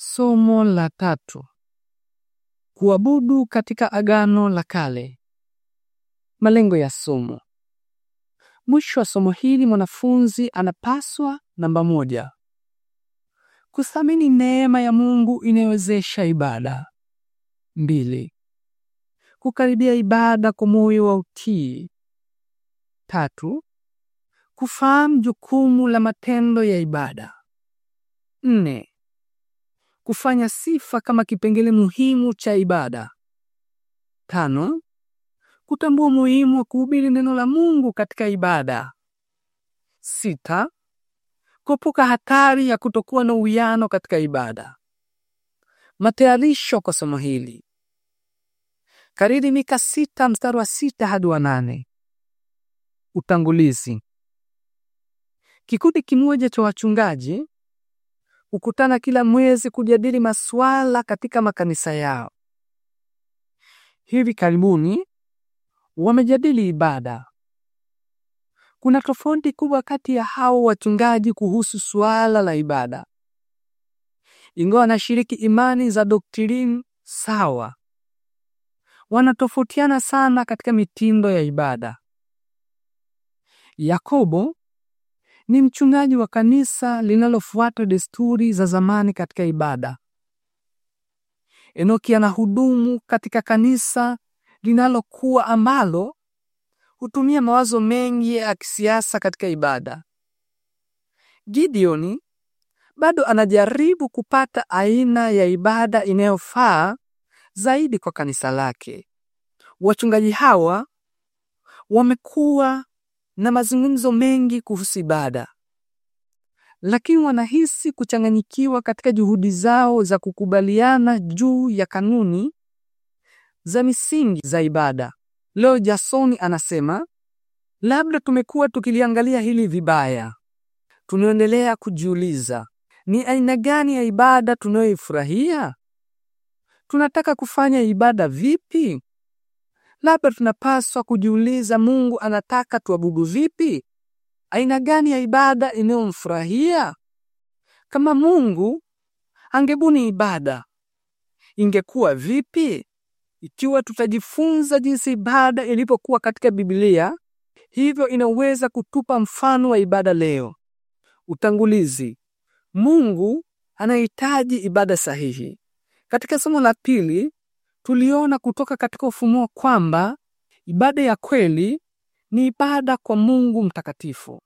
Somo la tatu: kuabudu katika Agano la Kale. Malengo ya somo. Mwisho wa somo hili, mwanafunzi anapaswa: namba moja, kuthamini neema ya Mungu inayowezesha ibada; mbili, kukaribia ibada kwa moyo wa utii; tatu, kufahamu jukumu la matendo ya ibada; nne, kufanya sifa kama kipengele muhimu cha ibada. Tano, kutambua umuhimu wa kuhubiri neno la Mungu katika ibada. Sita, kuepuka hatari ya kutokuwa na uwiano katika ibada. Matayarisho kwa somo hili. Kariri Mika sita mstari wa sita hadi wa nane. Utangulizi. Kikundi kimoja cha wachungaji hukutana kila mwezi kujadili masuala katika makanisa yao. Hivi karibuni wamejadili ibada. Kuna tofauti kubwa kati ya hao wachungaji kuhusu suala la ibada. Ingawa wanashiriki imani za doktrini sawa, wanatofautiana sana katika mitindo ya ibada. Yakobo ni mchungaji wa kanisa linalofuata desturi za zamani katika ibada. Enoki anahudumu katika kanisa linalokuwa ambalo hutumia mawazo mengi ya kisiasa katika ibada. Gideoni bado anajaribu kupata aina ya ibada inayofaa zaidi kwa kanisa lake. Wachungaji hawa wamekuwa na mazungumzo mengi kuhusu ibada, lakini wanahisi kuchanganyikiwa katika juhudi zao za kukubaliana juu ya kanuni za misingi za ibada. Leo Jasoni anasema, labda tumekuwa tukiliangalia hili vibaya. Tunaendelea kujiuliza ni aina gani ya ibada tunayoifurahia? Tunataka kufanya ibada vipi? Labda tunapaswa kujiuliza, Mungu anataka tuabudu vipi? Aina gani ya ibada inayomfurahia? Kama Mungu angebuni ibada ingekuwa vipi? Ikiwa tutajifunza jinsi ibada ilivyokuwa katika Biblia, hivyo inaweza kutupa mfano wa ibada leo. Utangulizi. Mungu anahitaji ibada sahihi. Katika somo la pili tuliona kutoka katika Ufunuo kwamba ibada ya kweli ni ibada kwa Mungu mtakatifu.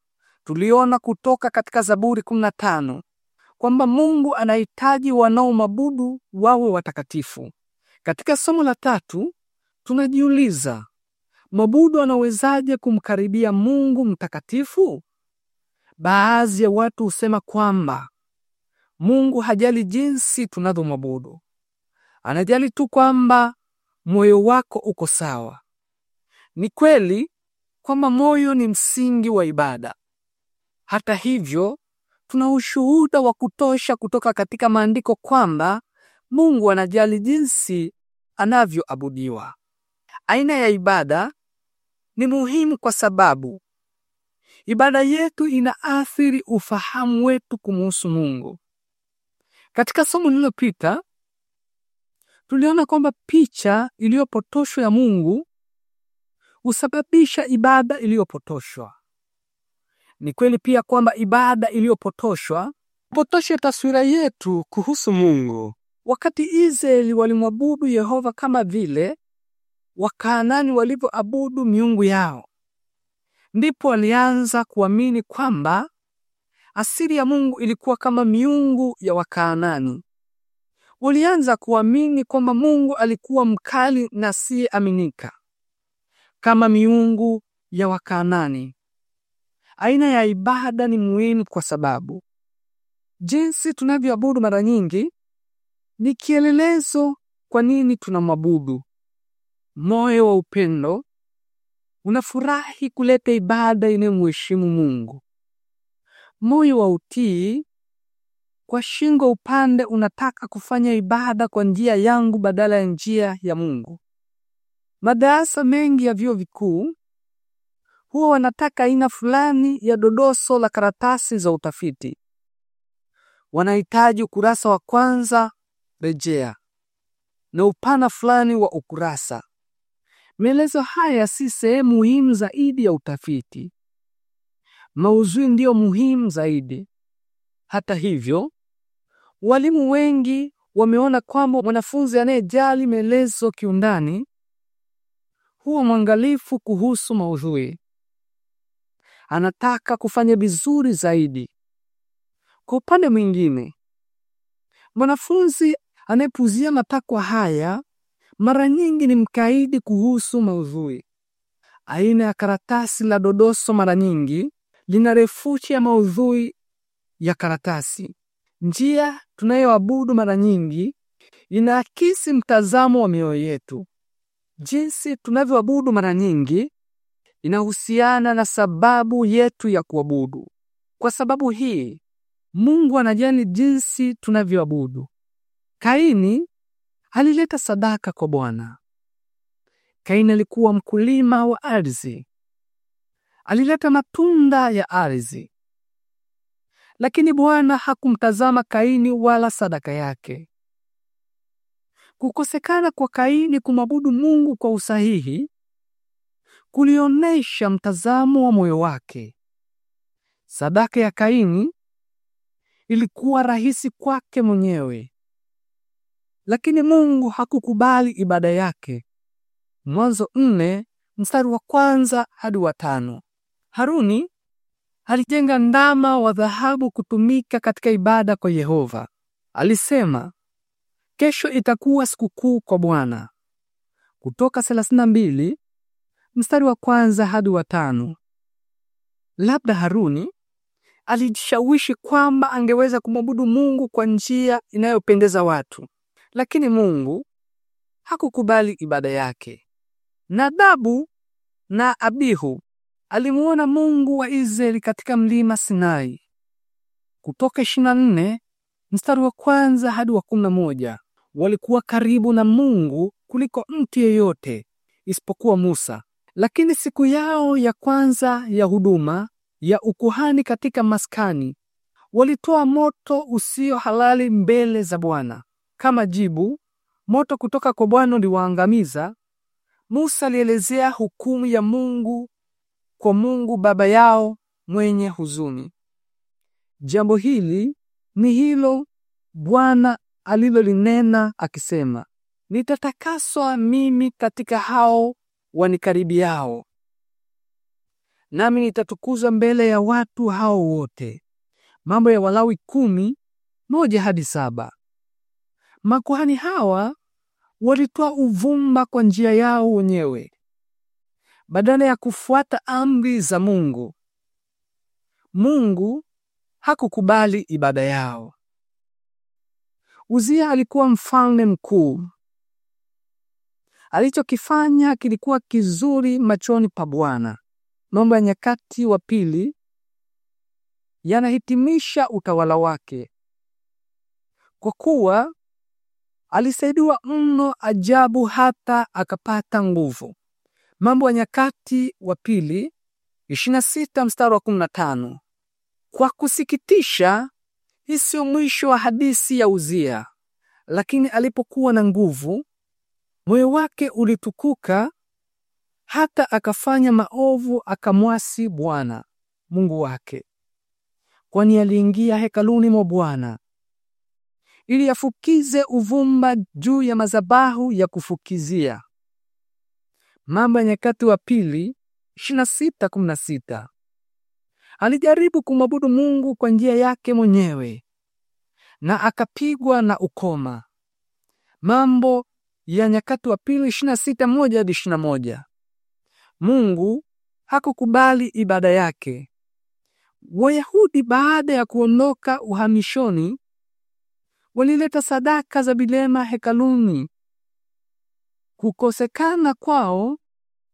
Tuliona kutoka katika Zaburi 15 kwamba Mungu anahitaji wanaomwabudu wawe watakatifu. Katika somo la tatu tunajiuliza, mwabudu anawezaje kumkaribia Mungu mtakatifu? Baadhi ya watu husema kwamba Mungu hajali jinsi tunavyomwabudu. Anajali tu kwamba moyo wako uko sawa. Ni kweli kwamba moyo ni msingi wa ibada. Hata hivyo, tuna ushuhuda wa kutosha kutoka katika maandiko kwamba Mungu anajali jinsi anavyoabudiwa. Aina ya ibada ni muhimu kwa sababu ibada yetu inaathiri ufahamu wetu kumuhusu Mungu. Katika somo lililopita tuliona kwamba picha iliyopotoshwa ya Mungu husababisha ibada iliyopotoshwa. Ni kweli pia kwamba ibada iliyopotoshwa potoshe taswira yetu kuhusu Mungu. Wakati Israeli walimwabudu Yehova kama vile Wakaanani walivyoabudu miungu yao, ndipo walianza kuamini kwamba asili ya Mungu ilikuwa kama miungu ya Wakaanani walianza kuamini kwamba Mungu alikuwa mkali na si aminika kama miungu ya Wakanani. Aina ya ibada ni muhimu kwa sababu jinsi tunavyoabudu mara nyingi ni kielelezo kwa nini tunamwabudu. Moyo wa upendo unafurahi kuleta ibada inayomheshimu Mungu. Moyo wa utii kwa shingo upande unataka kufanya ibada kwa njia yangu badala ya njia ya Mungu. Madarasa mengi ya vyuo vikuu huwa wanataka aina fulani ya dodoso la karatasi za utafiti. Wanahitaji ukurasa wa kwanza rejea na upana fulani wa ukurasa. Maelezo haya si sehemu muhimu zaidi ya utafiti. mauzui ndiyo muhimu zaidi. Hata hivyo, Walimu wengi wameona kwamba mwanafunzi anayejali maelezo kiundani huwa mwangalifu kuhusu maudhui, anataka kufanya vizuri zaidi. Kwa upande mwingine, mwanafunzi anayepuzia matakwa haya mara nyingi ni mkaidi kuhusu maudhui. Aina ya karatasi la dodoso mara nyingi lina refushi ya maudhui ya karatasi. Njia tunayoabudu mara nyingi inaakisi mtazamo wa mioyo yetu. Jinsi tunavyoabudu mara nyingi inahusiana na sababu yetu ya kuabudu. Kwa sababu hii, Mungu anajali jinsi tunavyoabudu. Kaini alileta sadaka kwa Bwana. Kaini alikuwa mkulima wa ardhi, alileta matunda ya ardhi. Lakini Bwana hakumtazama Kaini wala sadaka yake. Kukosekana kwa Kaini kumwabudu Mungu kwa usahihi kulionyesha mtazamo wa moyo wake. Sadaka ya Kaini ilikuwa rahisi kwake mwenyewe, lakini Mungu hakukubali ibada yake. Mwanzo nne mstari wa kwanza hadi wa tano. Haruni alijenga ndama wa dhahabu kutumika katika ibada kwa Yehova. Alisema, kesho itakuwa sikukuu kwa Bwana. Kutoka 32 mstari wa kwanza hadi wa tano. Labda Haruni alijishawishi kwamba angeweza kumwabudu Mungu kwa njia inayopendeza watu, lakini Mungu hakukubali ibada yake. Nadabu na Abihu alimuona Mungu wa Israeli katika mlima Sinai. Kutoka 24 mstari wa kwanza hadi wa 11. Walikuwa karibu na Mungu kuliko mtu yeyote isipokuwa Musa. Lakini siku yao ya kwanza ya huduma ya ukuhani katika maskani walitoa moto usio halali mbele za Bwana. Kama jibu, moto kutoka kwa Bwana uliwaangamiza. Musa alielezea hukumu ya Mungu kwa Mungu Baba yao mwenye huzuni. Jambo hili ni hilo Bwana alilolinena akisema, nitatakaswa mimi katika hao wanikaribiao, nami nitatukuzwa mbele ya watu hao wote. Mambo ya Walawi kumi moja hadi saba. Makuhani hawa walitoa uvumba kwa njia yao wenyewe badala ya kufuata amri za Mungu. Mungu hakukubali ibada yao. Uzia alikuwa mfalme mkuu. Alichokifanya kilikuwa kizuri machoni pa Bwana. Mambo ya Nyakati wa Pili yanahitimisha utawala wake kwa kuwa alisaidiwa mno ajabu hata akapata nguvu. Mambo ya Nyakati wa Pili 26 mstari wa 15. Kwa kusikitisha, hii sio mwisho wa hadithi ya Uzia, lakini alipokuwa na nguvu, moyo wake ulitukuka hata akafanya maovu, akamwasi Bwana Mungu wake, kwani aliingia hekaluni mwa Bwana ili afukize uvumba juu ya mazabahu ya kufukizia Mambo ya Nyakati wa Pili 26:16. Alijaribu kumwabudu Mungu kwa njia yake mwenyewe na akapigwa na ukoma. Mambo ya Nyakati wa Pili 26:1 hadi 21. Mungu hakukubali ibada yake. Wayahudi baada ya kuondoka uhamishoni walileta sadaka za bilema hekaluni Kukosekana kwao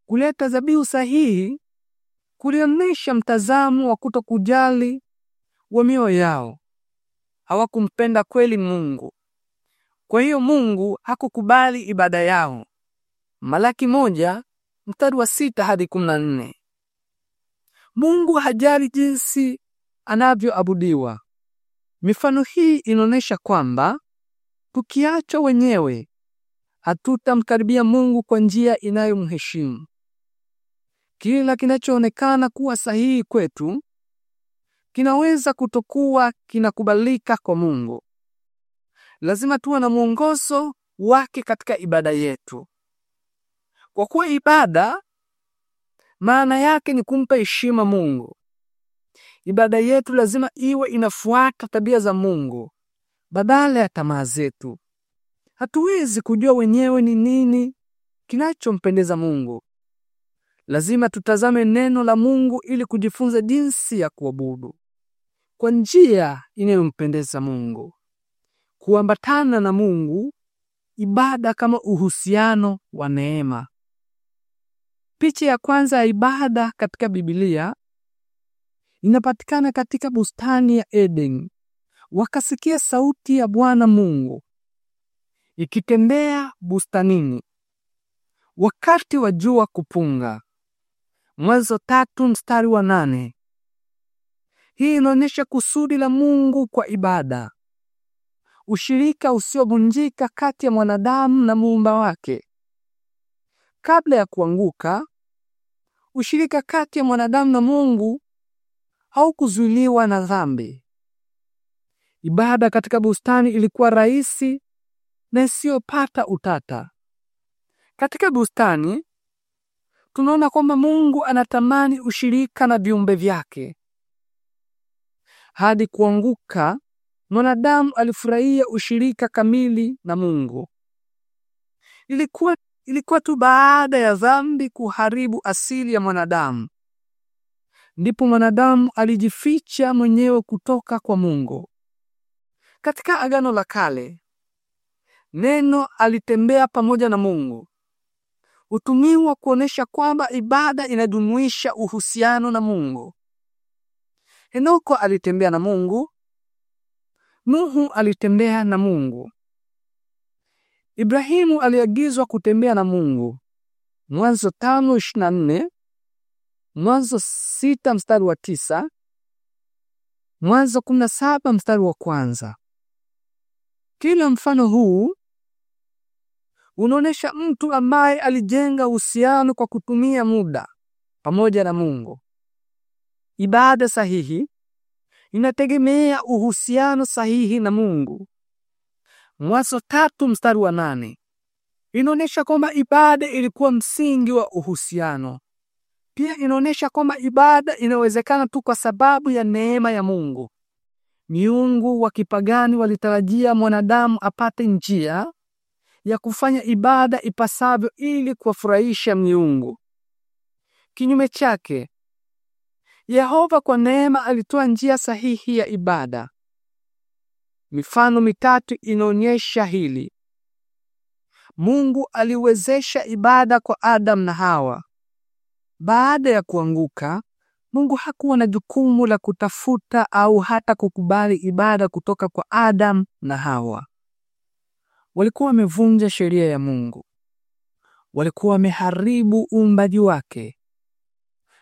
kuleta dhabihu sahihi kulionyesha mtazamo wa kutokujali wa mioyo yao. Hawakumpenda kweli Mungu, kwa hiyo Mungu hakukubali ibada yao. Malaki moja mstari wa sita hadi kumi na nne. Mungu hajali jinsi anavyoabudiwa. Mifano hii inaonyesha kwamba tukiachwa wenyewe Hatutamkaribia Mungu kwa njia inayomheshimu. Kila kinachoonekana kuwa sahihi kwetu kinaweza kutokuwa kinakubalika kwa Mungu. Lazima tuwe na mwongozo wake katika ibada yetu, kwa kuwa ibada maana yake ni kumpa heshima Mungu. Ibada yetu lazima iwe inafuata tabia za Mungu badala ya tamaa zetu. Hatuwezi kujua wenyewe ni nini kinachompendeza Mungu. Lazima tutazame neno la Mungu ili kujifunza jinsi ya kuabudu kwa njia inayompendeza Mungu. Kuambatana na Mungu, ibada kama uhusiano wa neema. Picha ya kwanza ya ibada katika Biblia inapatikana katika bustani ya Eden. Wakasikia sauti ya Bwana Mungu ikitembea bustanini wakati wa jua kupunga. Mwanzo tatu mstari wa nane. Hii inaonyesha kusudi la Mungu kwa ibada, ushirika usiovunjika kati ya mwanadamu na muumba wake. Kabla ya kuanguka, ushirika kati ya mwanadamu na Mungu haukuzuiliwa na dhambi. Ibada katika bustani ilikuwa rahisi na isiyopata utata. Katika bustani tunaona kwamba Mungu anatamani ushirika na viumbe vyake. Hadi kuanguka, mwanadamu alifurahia ushirika kamili na Mungu. Ilikuwa ilikuwa tu baada ya dhambi kuharibu asili ya mwanadamu, ndipo mwanadamu alijificha mwenyewe kutoka kwa Mungu. Katika Agano la Kale Neno alitembea pamoja na Mungu hutumiwa kuonesha kwamba ibada inajumuisha uhusiano na Mungu. Henoko alitembea na Mungu. Nuhu alitembea na Mungu. Ibrahimu aliagizwa kutembea na Mungu. Mwanzo 5:24, Mwanzo 6 mstari wa tisa Mwanzo 17 mstari wa kwanza. Kila mfano huu unaonesha mtu ambaye alijenga uhusiano kwa kutumia muda pamoja na Mungu. Ibada sahihi inategemea uhusiano sahihi na Mungu. Mwanzo tatu mstari wa nane inaonyesha kwamba ibada ilikuwa msingi wa uhusiano. Pia inaonyesha kwamba ibada inawezekana tu kwa sababu ya neema ya Mungu. Miungu wa kipagani walitarajia mwanadamu apate njia ya kufanya ibada ipasavyo ili kuwafurahisha Mungu. Kinyume chake, Yehova kwa neema alitoa njia sahihi ya ibada. Mifano mitatu inaonyesha hili. Mungu aliwezesha ibada kwa Adam na Hawa. Baada ya kuanguka, Mungu hakuwa na jukumu la kutafuta au hata kukubali ibada kutoka kwa Adam na Hawa walikuwa wamevunja sheria ya Mungu, walikuwa wameharibu uumbaji wake.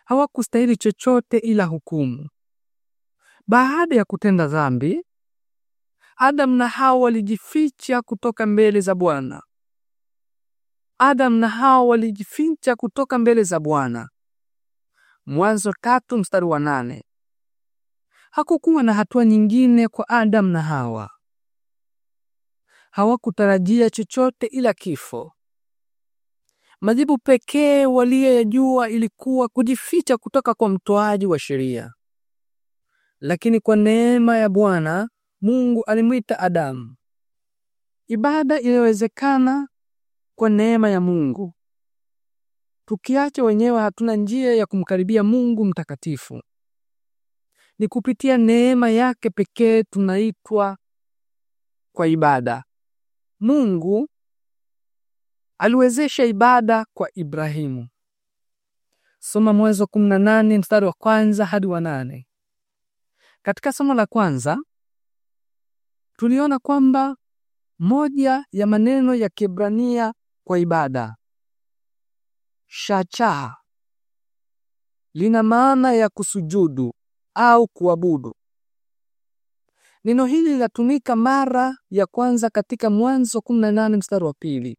Hawakustahili chochote ila hukumu. Baada ya kutenda dhambi, Adam na Hawa walijificha kutoka mbele za Bwana. Adam na Hawa walijificha kutoka mbele za Bwana. Mwanzo tatu mstari wa nane. Hakukuwa na hatua nyingine kwa Adam na Hawa hawakutarajia chochote ila kifo. Majibu pekee waliyoyajua ilikuwa kujificha kutoka kwa mtoaji wa sheria. Lakini kwa neema ya Bwana Mungu alimwita Adamu. Ibada inawezekana kwa neema ya Mungu. Tukiacha wenyewe, hatuna njia ya kumkaribia Mungu mtakatifu. Ni kupitia neema yake pekee tunaitwa kwa ibada. Mungu aliwezesha ibada kwa Ibrahimu. Soma Mwanzo 18 mstari wa kwanza hadi wa nane. Katika somo la kwanza tuliona kwamba moja ya maneno ya Kiebrania kwa ibada shacha lina maana ya kusujudu au kuabudu. Neno hili linatumika mara ya kwanza katika Mwanzo 18 mstari wa pili.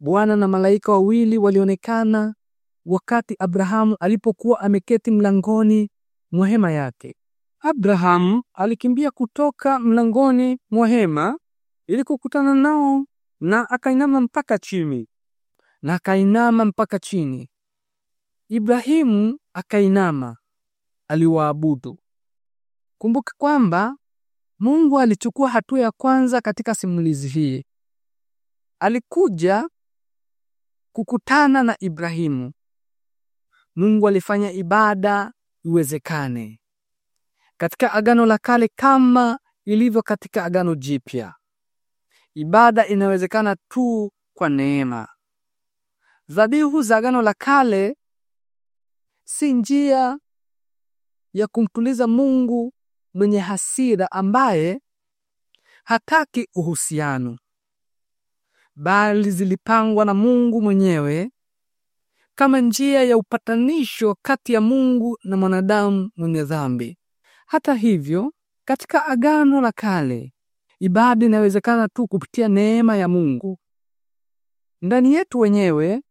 Bwana na malaika wawili walionekana wakati Abrahamu alipokuwa ameketi mlangoni mwa hema yake. Abrahamu alikimbia kutoka mlangoni mwa hema ili kukutana nao na akainama mpaka chini na akainama mpaka chini. Ibrahimu akainama aliwaabudu. Kumbuka kwamba Mungu alichukua hatua ya kwanza katika simulizi hii. Alikuja kukutana na Ibrahimu. Mungu alifanya ibada iwezekane katika Agano la Kale kama ilivyo katika Agano Jipya. Ibada inawezekana tu kwa neema. Dhabihu za Agano la Kale si njia ya kumtuliza Mungu mwenye hasira ambaye hataki uhusiano, bali zilipangwa na Mungu mwenyewe kama njia ya upatanisho kati ya Mungu na mwanadamu mwenye dhambi. Hata hivyo, katika Agano la Kale ibada inawezekana tu kupitia neema ya Mungu. Ndani yetu wenyewe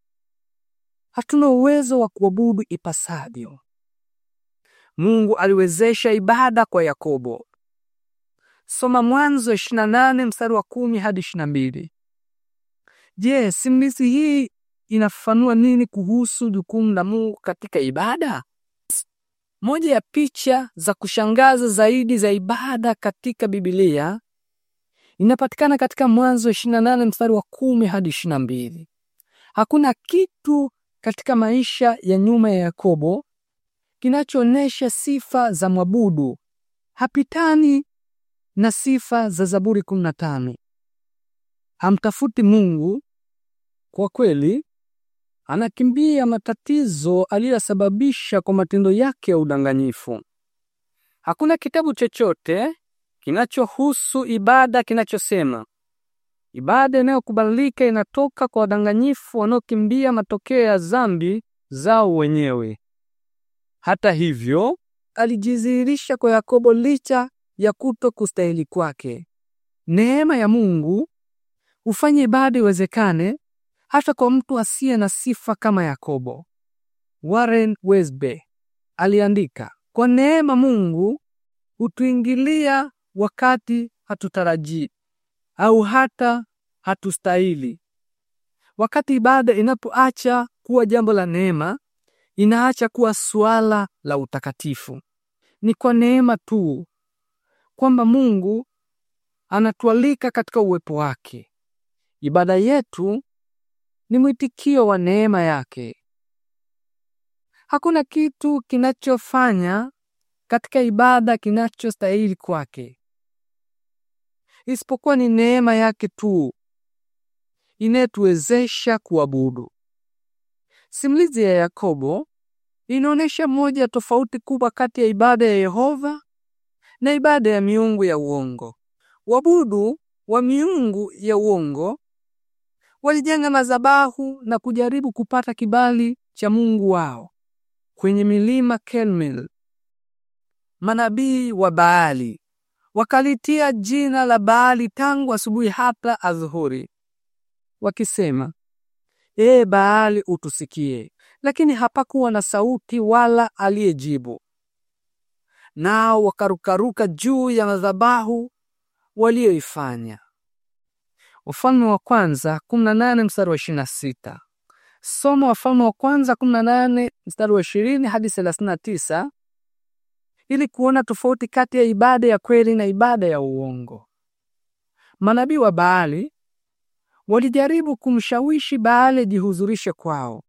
hatuna uwezo wa kuabudu ipasavyo. Mungu aliwezesha ibada kwa Yakobo. Soma Mwanzo 28 mstari wa 10 hadi 22. Je, simulizi hii inafafanua nini kuhusu jukumu la Mungu katika ibada? Moja ya picha za kushangaza zaidi za ibada katika Biblia inapatikana katika Mwanzo 28 mstari wa 10 hadi 22. Hakuna kitu katika maisha ya nyuma ya Yakobo kinachoonyesha sifa za mwabudu hapitani na sifa za Zaburi 15. Hamtafuti Mungu kwa kweli, anakimbia matatizo aliyosababisha kwa matendo yake ya udanganyifu. Hakuna kitabu chochote kinachohusu ibada kinachosema ibada inayokubalika inatoka kwa wadanganyifu wanaokimbia matokeo ya dhambi zao wenyewe. Hata hivyo, alijidhihirisha kwa Yakobo licha ya kuto kustahili kwake. Neema ya Mungu hufanya ibada iwezekane hata kwa mtu asiye na sifa kama Yakobo. Warren wesbe aliandika, kwa neema Mungu hutuingilia wakati hatutarajii au hata hatustahili. Wakati ibada inapoacha kuwa jambo la neema inaacha kuwa suala la utakatifu. Ni kwa neema tu kwamba Mungu anatualika katika uwepo wake. Ibada yetu ni mwitikio wa neema yake. Hakuna kitu kinachofanya katika ibada kinachostahili kwake, isipokuwa ni neema yake tu inayetuwezesha kuabudu. Simulizi ya Yakobo inaonyesha moja tofauti kubwa kati ya ibada ya Yehova na ibada ya miungu ya uongo. Wabudu wa miungu ya uongo walijenga madhabahu na kujaribu kupata kibali cha Mungu wao kwenye milima Kelmel. Manabii wa Baali wakalitia jina la Baali tangu asubuhi hata adhuhuri, wakisema Ee Baali, utusikie. Lakini hapakuwa na sauti wala aliyejibu. Nao wakarukaruka juu ya madhabahu walioifanya. Ufalme wa Kwanza 18 mstari wa 26. Soma Wafalme wa Kwanza 18 mstari wa 20 hadi 39 ili kuona tofauti kati ya ibada ya kweli na ibada ya uongo. Manabii wa Baali walijaribu kumshawishi baale jihuzurishe kwao.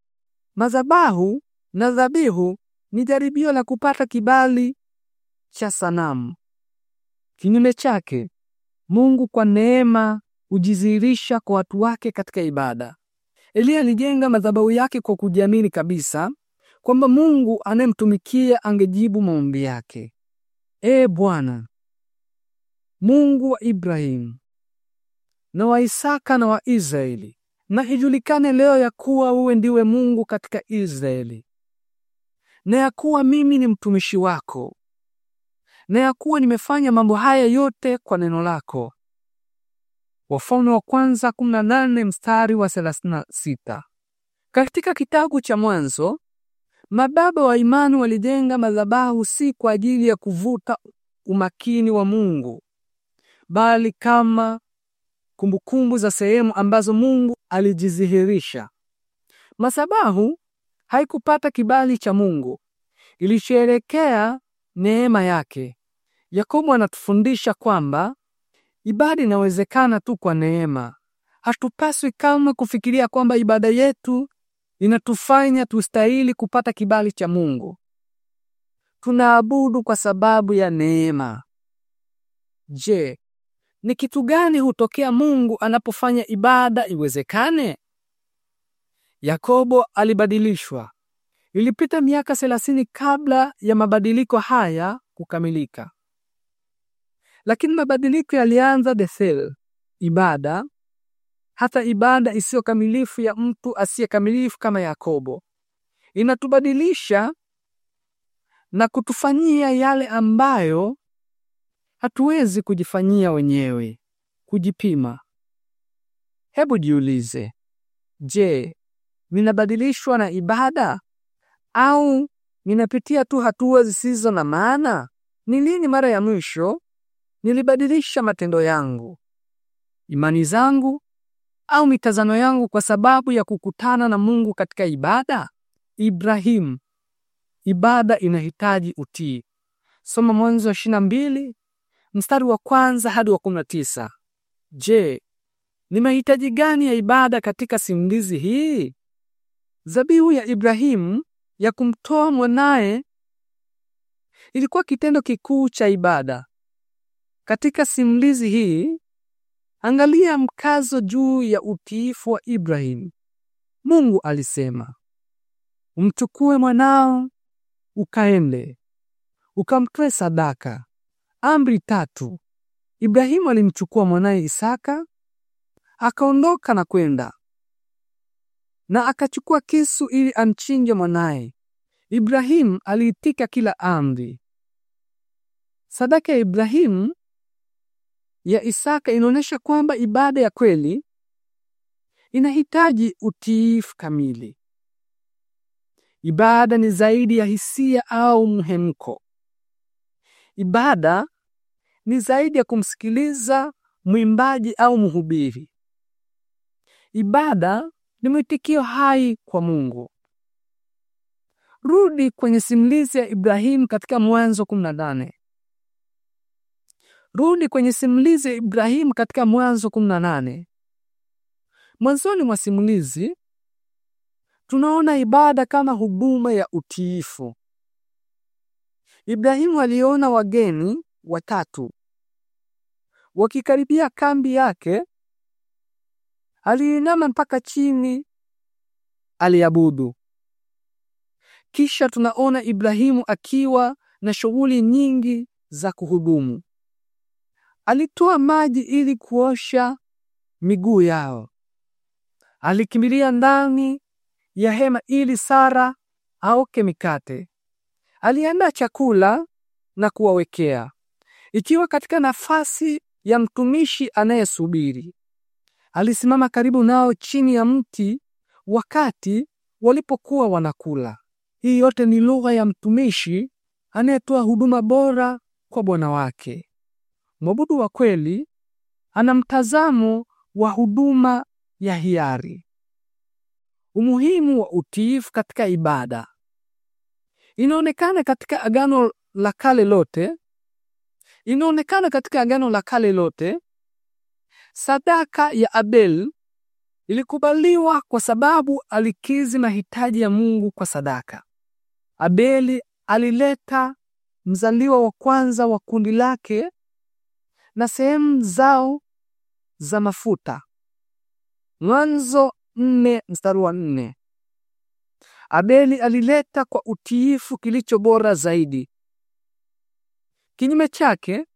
Madhabahu na dhabihu ni jaribio la kupata kibali cha sanamu. Kinyume chake, Mungu kwa neema hujidhihirisha kwa watu wake katika ibada. Eliya alijenga madhabahu yake kwa kujiamini kabisa kwamba Mungu anayemtumikia angejibu maombi yake. Ee Bwana Mungu wa Ibrahimu, na wa Isaka na wa Israeli, na ijulikane leo ya kuwa uwe ndiwe Mungu katika Israeli, na ya kuwa mimi ni mtumishi wako, na ya kuwa nimefanya mambo haya yote kwa neno lako. Wafalme wa kwanza 18 mstari wa 36. Katika kitabu cha Mwanzo, mababa wa imani walijenga madhabahu si kwa ajili ya kuvuta umakini wa Mungu, bali kama kumbukumbu za sehemu ambazo Mungu alijidhihirisha. Masabahu haikupata kibali cha Mungu, ilisherekea neema yake. Yakobo anatufundisha kwamba ibada inawezekana tu kwa neema. Hatupaswi kamwe kufikiria kwamba ibada yetu inatufanya tustahili kupata kibali cha Mungu. Tunaabudu kwa sababu ya neema. Je, ni kitu gani hutokea Mungu anapofanya ibada iwezekane? Yakobo alibadilishwa. Ilipita miaka thelathini kabla ya mabadiliko haya kukamilika, lakini mabadiliko yalianza Bethel, ibada, hata ibada isiyo kamilifu ya mtu asiyekamilifu kama Yakobo inatubadilisha na kutufanyia yale ambayo Hatuwezi kujifanyia wenyewe. Kujipima. Hebu jiulize, je, ninabadilishwa na ibada au ninapitia tu hatua zisizo na maana? Ni lini mara ya mwisho nilibadilisha matendo yangu, imani zangu au mitazamo yangu kwa sababu ya kukutana na Mungu katika ibada? Ibrahim, ibada inahitaji utii. Soma Mwanzo wa 22 mstari wa kwanza hadi wa kumi na tisa. Je, ni mahitaji gani ya ibada katika simulizi hii? Zabihu ya Ibrahimu ya kumtoa mwanaye ilikuwa kitendo kikuu cha ibada. Katika simulizi hii, angalia mkazo juu ya utiifu wa Ibrahimu. Mungu alisema, umchukue mwanao ukaende ukamtoe sadaka Amri tatu. Ibrahimu alimchukua mwanaye Isaka akaondoka na kwenda na akachukua kisu ili amchinje mwanaye. Ibrahimu aliitika kila amri. Sadaka ya Ibrahimu ya Isaka inaonyesha kwamba ibada ya kweli inahitaji utiifu kamili. Ibada ni zaidi ya hisia au mhemko. Ibada ni zaidi ya kumsikiliza mwimbaji au mhubiri. Ibada ni mwitikio hai kwa Mungu. Rudi kwenye simulizi ya Ibrahimu katika Mwanzo 18. Rudi kwenye simulizi ya Ibrahimu katika Mwanzo 18. Mwanzoni mwa simulizi tunaona ibada kama huduma ya utiifu. Ibrahimu aliona wageni watatu. Wakikaribia kambi yake, aliinama mpaka chini, aliabudu. Kisha tunaona Ibrahimu akiwa na shughuli nyingi za kuhudumu. Alitoa maji ili kuosha miguu yao. Alikimbilia ndani ya hema ili Sara aoke mikate. Aliandaa chakula na kuwawekea. Ikiwa katika nafasi ya mtumishi anayesubiri, alisimama karibu nao chini ya mti wakati walipokuwa wanakula. Hii yote ni lugha ya mtumishi anayetoa huduma bora kwa bwana wake. Mwabudu wa kweli ana mtazamo wa huduma ya hiari. Umuhimu wa utiifu katika ibada inaonekana katika Agano la Kale lote Inaonekana katika Agano la Kale lote, sadaka ya Abel ilikubaliwa kwa sababu alikizi mahitaji ya Mungu kwa sadaka. Abeli alileta mzaliwa wa kwanza wa kundi lake na sehemu zao za mafuta. Mwanzo nne mstari wa nne. Abeli alileta kwa utiifu kilicho bora zaidi. Kinyume chake,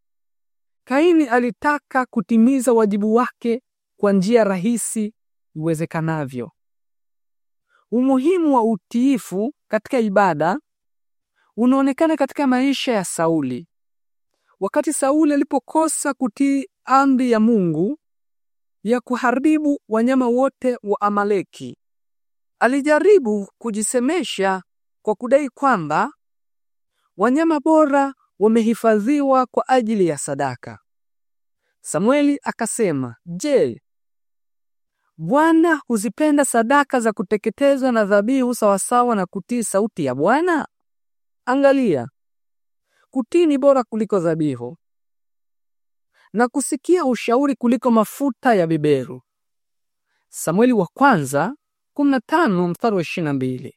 Kaini alitaka kutimiza wajibu wake kwa njia rahisi iwezekanavyo. Umuhimu wa utiifu katika ibada unaonekana katika maisha ya Sauli. Wakati Sauli alipokosa kutii amri ya Mungu ya kuharibu wanyama wote wa Amaleki, alijaribu kujisemesha kwa kudai kwamba wanyama bora wamehifadhiwa kwa ajili ya sadaka. Samueli akasema, Je, Bwana huzipenda sadaka za kuteketezwa na dhabihu sawasawa na kutii sauti ya Bwana? Angalia, kutii ni bora kuliko dhabihu na kusikia ushauri kuliko mafuta ya biberu. Samueli wa kwanza 15 mstari wa 22.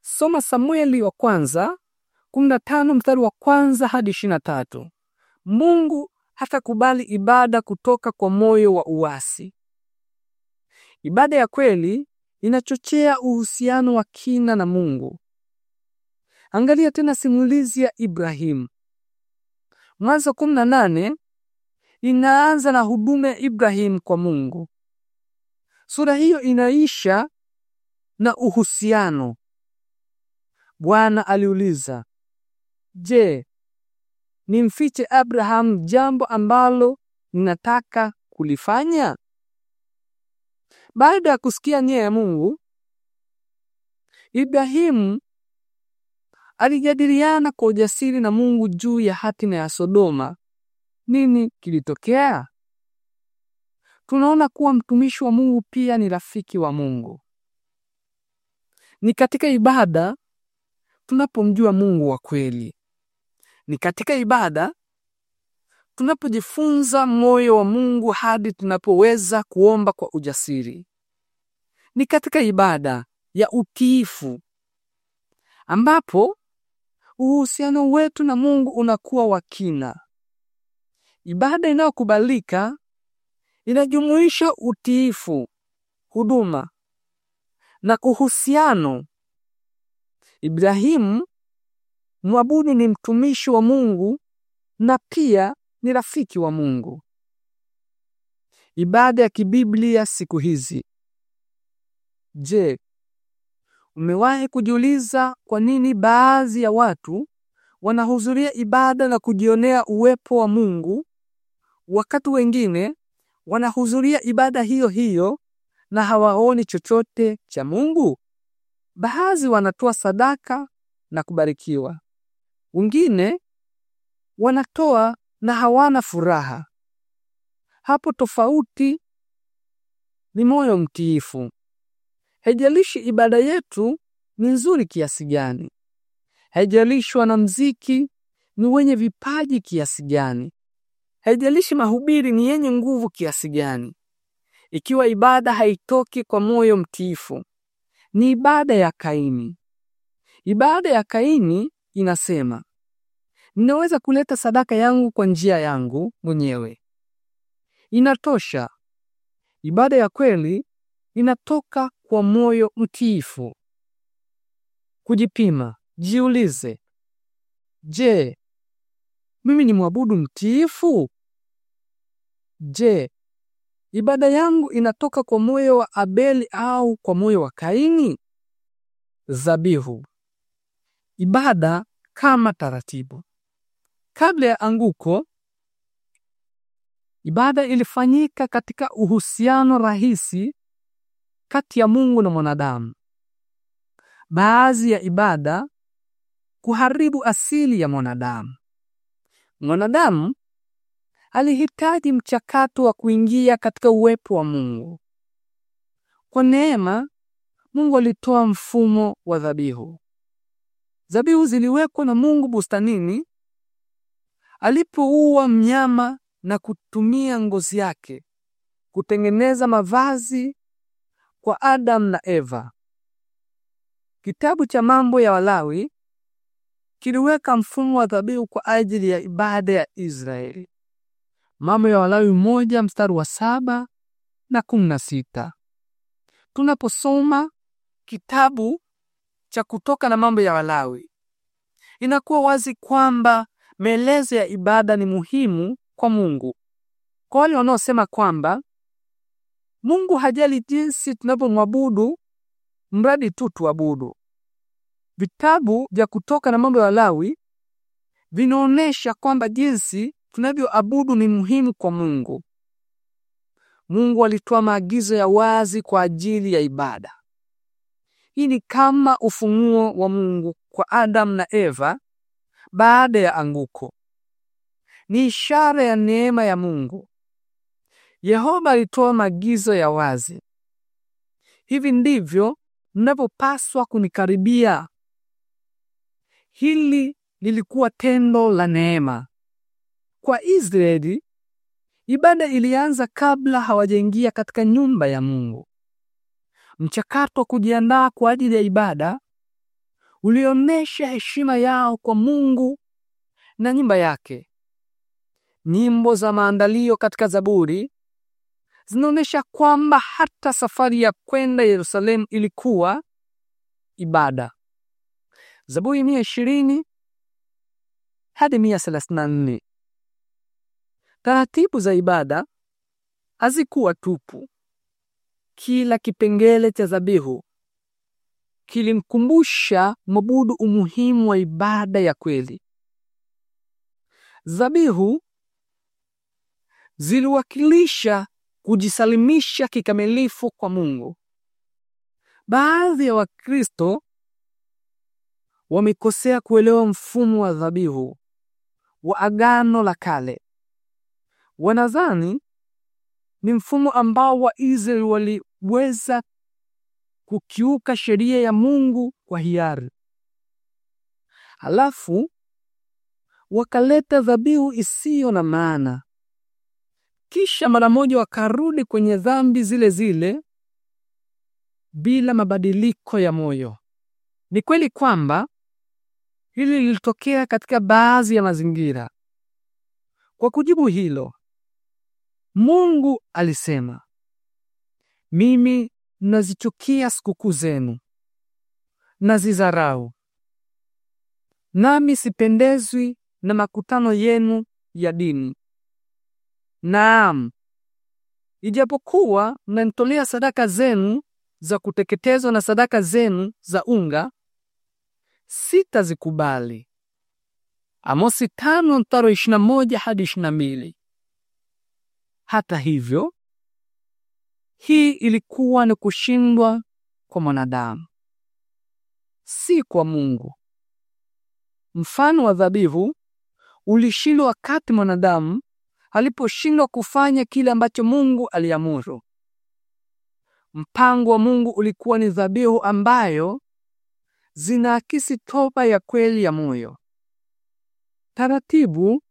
Soma Samueli wa kwanza 15 mstari wa kwanza hadi 23. Mungu hatakubali ibada kutoka kwa moyo wa uasi. Ibada ya kweli inachochea uhusiano wa kina na Mungu. Angalia tena simulizi ya Ibrahimu. Mwanzo 18 inaanza na huduma ya Ibrahimu kwa Mungu. Sura hiyo inaisha na uhusiano. Bwana aliuliza, Je, nimfiche Abraham jambo ambalo ninataka kulifanya? Baada ya kusikia nia ya Mungu, Ibrahimu alijadiliana kwa ujasiri na Mungu juu ya hatima ya Sodoma. Nini kilitokea? Tunaona kuwa mtumishi wa Mungu pia ni rafiki wa Mungu. Ni katika ibada tunapomjua Mungu wa kweli. Ni katika ibada tunapojifunza moyo wa Mungu hadi tunapoweza kuomba kwa ujasiri. Ni katika ibada ya utiifu ambapo uhusiano wetu na Mungu unakuwa wa kina. Ibada inayokubalika inajumuisha utiifu, huduma na uhusiano. Ibrahimu Mwabudu ni mtumishi wa Mungu na pia ni rafiki wa Mungu. Ibada ya kibiblia siku hizi. Je, umewahi kujiuliza kwa nini baadhi ya watu wanahudhuria ibada na kujionea uwepo wa Mungu wakati wengine wanahudhuria ibada hiyo hiyo na hawaoni chochote cha Mungu? Baadhi wanatoa sadaka na kubarikiwa, wengine wanatoa na hawana furaha. Hapo tofauti ni moyo mtiifu. Haijalishi ibada yetu ni nzuri kiasi gani, haijalishi wanamuziki ni wenye vipaji kiasi gani, haijalishi mahubiri ni yenye nguvu kiasi gani, ikiwa ibada haitoki kwa moyo mtiifu, ni ibada ya Kaini. Ibada ya Kaini inasema, ninaweza kuleta sadaka yangu kwa njia yangu mwenyewe. Inatosha. Ibada ya kweli inatoka kwa moyo mtiifu. Kujipima, jiulize, je, mimi ni mwabudu mtiifu? Je, ibada yangu inatoka kwa moyo wa Abeli au kwa moyo wa Kaini? Zabihu ibada kama taratibu. Kabla ya anguko, ibada ilifanyika katika uhusiano rahisi kati ya Mungu na mwanadamu. Baadhi ya ibada kuharibu asili ya mwanadamu. Mwanadamu alihitaji mchakato wa kuingia katika uwepo wa Mungu. Kwa neema, Mungu alitoa mfumo wa dhabihu. Zabihu ziliwekwa na Mungu bustanini alipouua mnyama na kutumia ngozi yake kutengeneza mavazi kwa Adam na Eva. Kitabu cha Mambo ya Walawi kiliweka mfumo wa dhabihu kwa ajili ya ibada ya Israeli. Mambo ya Walawi moja mstari wa saba na kumi na sita. Tunaposoma kitabu cha kutoka na mambo ya Walawi, inakuwa wazi kwamba maelezo ya ibada ni muhimu kwa Mungu. Kwa wale wanaosema kwamba Mungu hajali jinsi tunavyomwabudu mradi tu tuabudu, vitabu vya Kutoka na Mambo ya Walawi vinaonyesha kwamba jinsi tunavyoabudu ni muhimu kwa Mungu. Mungu alitoa maagizo ya wazi kwa ajili ya ibada. Hii ni kama ufunuo wa Mungu kwa Adamu na Eva baada ya anguko. Ni ishara ya neema ya Mungu. Yehova alitoa maagizo ya wazi. Hivi ndivyo mnavyopaswa kunikaribia. Hili lilikuwa tendo la neema. Kwa Israeli, ibada ilianza kabla hawajaingia katika nyumba ya Mungu mchakato wa kujiandaa kwa ajili ya ibada ulionyesha heshima yao kwa Mungu na nyumba yake. Nyimbo za maandalio katika Zaburi zinaonyesha kwamba hata safari ya kwenda Yerusalemu ilikuwa ibada. Zaburi 120 hadi 134. Taratibu za ibada hazikuwa tupu, kila kipengele cha dhabihu kilimkumbusha mwabudu umuhimu wa ibada ya kweli. Dhabihu ziliwakilisha kujisalimisha kikamilifu kwa Mungu. Baadhi ya Wakristo wamekosea kuelewa mfumo wa dhabihu wa Agano la Kale. Wanadhani ni mfumo ambao Waisraeli weza kukiuka sheria ya Mungu kwa hiari. Halafu wakaleta dhabihu isiyo na maana, kisha mara moja wakarudi kwenye dhambi zile zile bila mabadiliko ya moyo. Ni kweli kwamba hili lilitokea katika baadhi ya mazingira. Kwa kujibu hilo, Mungu alisema mimi nazichukia sikukuu zenu, nazizarau, nami sipendezwi na makutano yenu ya dini. Naam, ijapokuwa mnanitolea sadaka zenu za kuteketezwa na sadaka zenu za unga, sitazikubali. Amosi tano mstari ishirini na moja hadi ishirini na mbili. Hata hivyo hii ilikuwa ni kushindwa kwa mwanadamu, si kwa Mungu. Mfano wa dhabihu ulishindwa wakati mwanadamu aliposhindwa kufanya kile ambacho Mungu aliamuru. Mpango wa Mungu ulikuwa ni dhabihu ambayo zinaakisi toba ya kweli ya moyo. Taratibu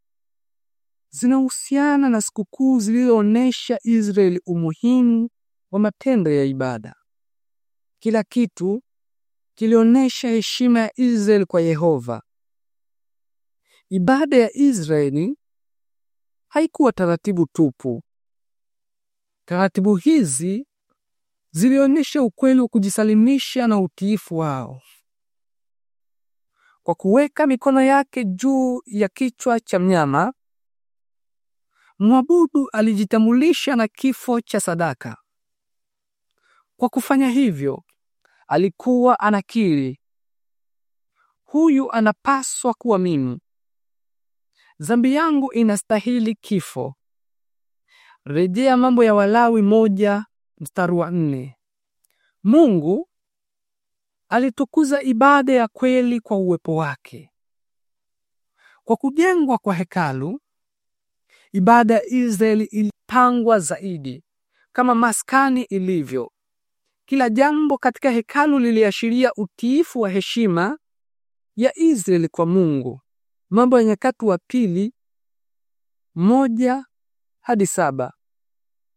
zinahusiana na sikukuu zilizoonesha Israeli umuhimu wa matendo ya ibada. Kila kitu kilionyesha heshima ya Israeli kwa Yehova. Ibada ya Israeli haikuwa taratibu tupu. Taratibu hizi zilionyesha ukweli wa kujisalimisha na utiifu wao. Kwa kuweka mikono yake juu ya kichwa cha mnyama, mwabudu alijitambulisha na kifo cha sadaka. Kwa kufanya hivyo, alikuwa anakiri, huyu anapaswa kuwa mimi, dhambi yangu inastahili kifo. Rejea Mambo ya Walawi moja mstari wa nne. Mungu alitukuza ibada ya kweli kwa uwepo wake. Kwa kujengwa kwa hekalu, ibada ya Israeli ilipangwa zaidi kama maskani ilivyo kila jambo katika hekalu liliashiria utiifu wa heshima ya Israeli kwa Mungu. Mambo ya Nyakati wa Pili moja hadi saba.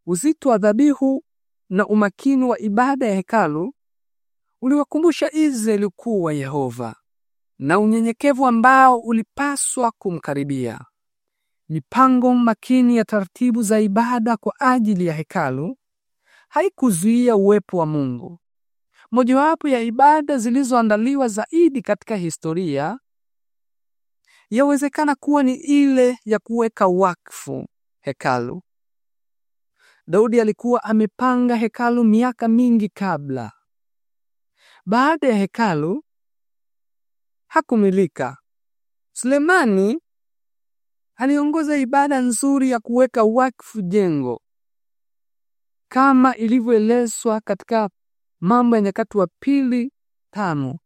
Uzito wa dhabihu na umakini wa ibada ya hekalu uliwakumbusha Israeli ukuu wa Yehova na unyenyekevu ambao ulipaswa kumkaribia. Mipango makini ya taratibu za ibada kwa ajili ya hekalu haikuzuia uwepo wa Mungu. Mojawapo ya ibada zilizoandaliwa zaidi katika historia yawezekana kuwa ni ile ya kuweka wakfu hekalu. Daudi alikuwa amepanga hekalu miaka mingi kabla. Baada ya hekalu hakumilika, Sulemani aliongoza ibada nzuri ya kuweka wakfu jengo kama ilivyoelezwa katika Mambo ya Nyakati wa Pili tano.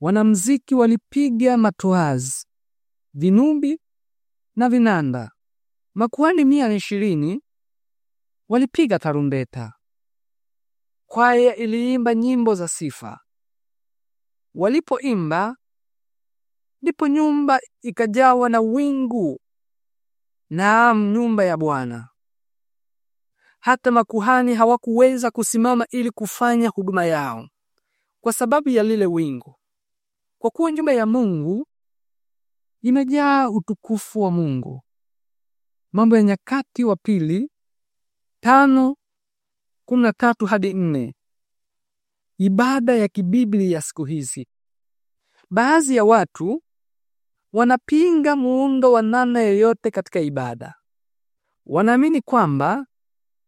Wanamziki walipiga matoazi, vinubi na vinanda. Makuhani mia na ishirini walipiga tarumbeta. Kwaya iliimba nyimbo za sifa. Walipoimba ndipo nyumba ikajawa na wingu. Naam, nyumba ya Bwana hata makuhani hawakuweza kusimama ili kufanya huduma yao kwa sababu ya lile wingu, kwa kuwa nyumba ya Mungu imejaa utukufu wa Mungu. Mambo ya Nyakati wa Pili tano kumi na tatu hadi nne. Ibada ya kibiblia ya siku hizi. Baadhi ya watu wanapinga muundo wa namna yoyote katika ibada. Wanaamini kwamba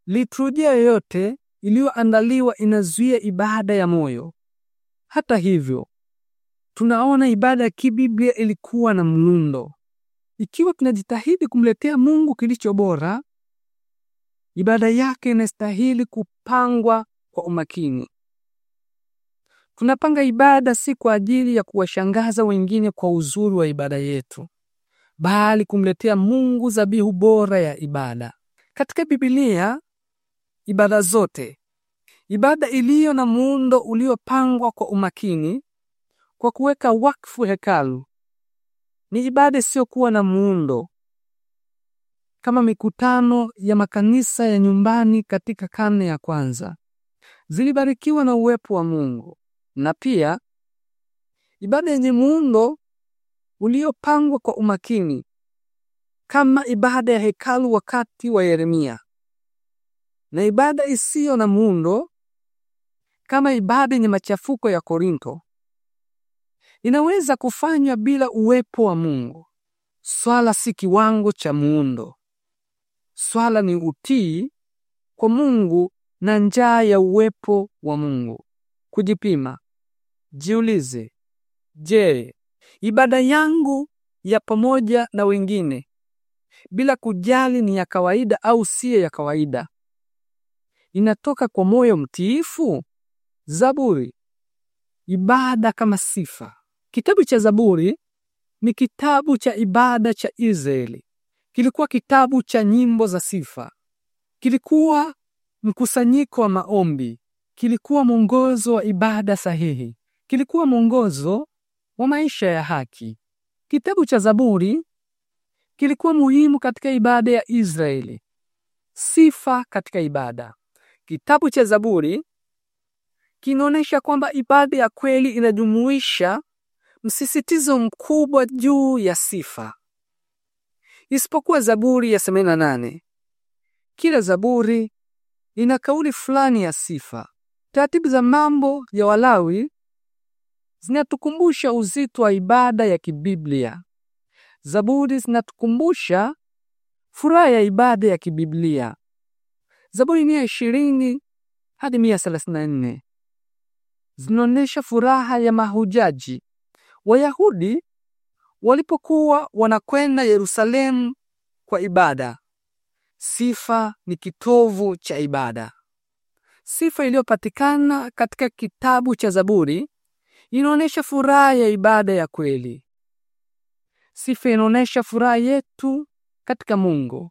Liturujia yoyote iliyoandaliwa inazuia ibada ya moyo. Hata hivyo, tunaona ibada ya kibiblia ilikuwa na mlundo. Ikiwa tunajitahidi kumletea Mungu kilicho bora, ibada yake inastahili kupangwa kwa umakini. Tunapanga ibada si kwa ajili ya kuwashangaza wengine kwa uzuri wa ibada yetu, bali kumletea Mungu dhabihu bora ya ibada. Katika Biblia ibada zote, ibada iliyo na muundo uliopangwa kwa umakini kwa kuweka wakfu hekalu. Ni ibada isiyokuwa na muundo kama mikutano ya makanisa ya nyumbani katika karne ya kwanza. Zilibarikiwa na uwepo wa Mungu, na pia ibada yenye muundo uliopangwa kwa umakini kama ibada ya hekalu wakati wa Yeremia na ibada isiyo na muundo kama ibada yenye machafuko ya Korinto inaweza kufanywa bila uwepo wa Mungu. Swala si kiwango cha muundo. Swala ni utii kwa Mungu na njaa ya uwepo wa Mungu. Kujipima. Jiulize, je, ibada yangu ya pamoja na wengine bila kujali ni ya kawaida au siyo ya kawaida? inatoka kwa moyo mtiifu. Zaburi, ibada kama sifa. Kitabu cha Zaburi ni kitabu cha ibada cha Israeli. Kilikuwa kitabu cha nyimbo za sifa, kilikuwa mkusanyiko wa maombi, kilikuwa mwongozo wa ibada sahihi, kilikuwa mwongozo wa maisha ya haki. Kitabu cha Zaburi kilikuwa muhimu katika ibada ya Israeli. Sifa katika ibada. Kitabu cha Zaburi kinaonyesha kwamba ibada ya kweli inajumuisha msisitizo mkubwa juu ya sifa. Isipokuwa Zaburi ya 88, kila zaburi ina kauli fulani ya sifa. Taratibu za mambo ya Walawi zinatukumbusha uzito wa ibada ya kibiblia. Zaburi zinatukumbusha furaha ya ibada ya kibiblia. Zaburi mia ishirini hadi mia thelathini na nne zinaonyesha furaha ya mahujaji. Wayahudi walipokuwa wanakwenda Yerusalemu kwa ibada, sifa ni kitovu cha ibada. Sifa iliyopatikana katika kitabu cha Zaburi inaonyesha furaha ya ibada ya kweli. Sifa inaonyesha furaha yetu katika Mungu.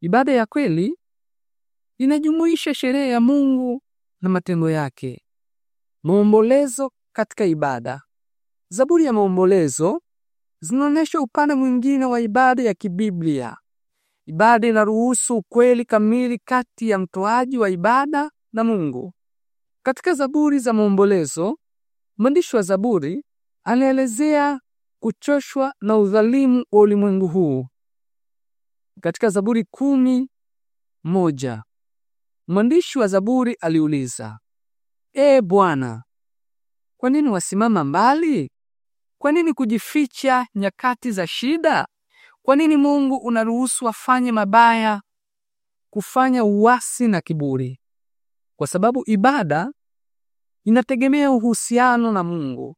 Ibada ya kweli inajumuisha sherehe ya Mungu na matendo yake. Maombolezo katika ibada. Zaburi ya maombolezo zinaonyesha upande mwingine wa ibada ya kibiblia. Ibada inaruhusu ukweli kamili kati ya mtoaji wa ibada na Mungu. Katika zaburi za maombolezo, mwandishi wa zaburi anaelezea kuchoshwa na udhalimu wa ulimwengu huu. Katika Zaburi kumi moja Mwandishi wa Zaburi aliuliza, Ee Bwana, kwa nini wasimama mbali? Kwa nini kujificha nyakati za shida? Kwa nini Mungu unaruhusu wafanye mabaya, kufanya uasi na kiburi? Kwa sababu ibada inategemea uhusiano na Mungu.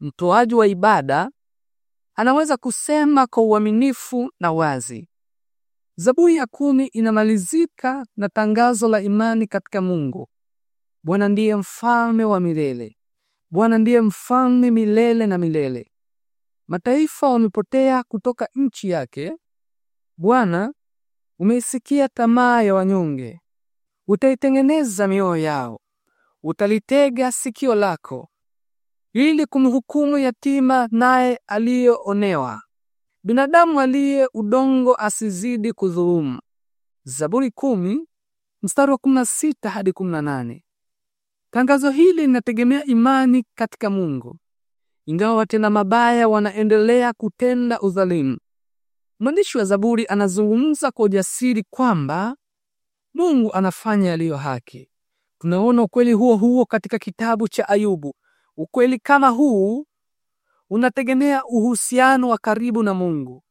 Mtoaji wa ibada anaweza kusema kwa uaminifu na wazi, Zaburi ya kumi inamalizika na tangazo la imani katika Mungu. Bwana ndiye mfalme wa milele. Bwana ndiye mfalme milele na milele. Mataifa wamepotea kutoka nchi yake. Bwana, umeisikia tamaa ya wanyonge. Utaitengeneza mioyo yao. Utalitega sikio lako ili kumhukumu yatima naye aliyoonewa binadamu aliye udongo asizidi kudhulumu. Zaburi kumi mstari wa sita hadi nane. Tangazo hili linategemea imani katika Mungu, ingawa watenda mabaya wanaendelea kutenda udhalimu. Mwandishi wa Zaburi anazungumza kwa ujasiri kwamba Mungu anafanya yaliyo haki. Tunaona ukweli huo huo katika kitabu cha Ayubu. Ukweli kama huu unategemea uhusiano wa karibu na Mungu.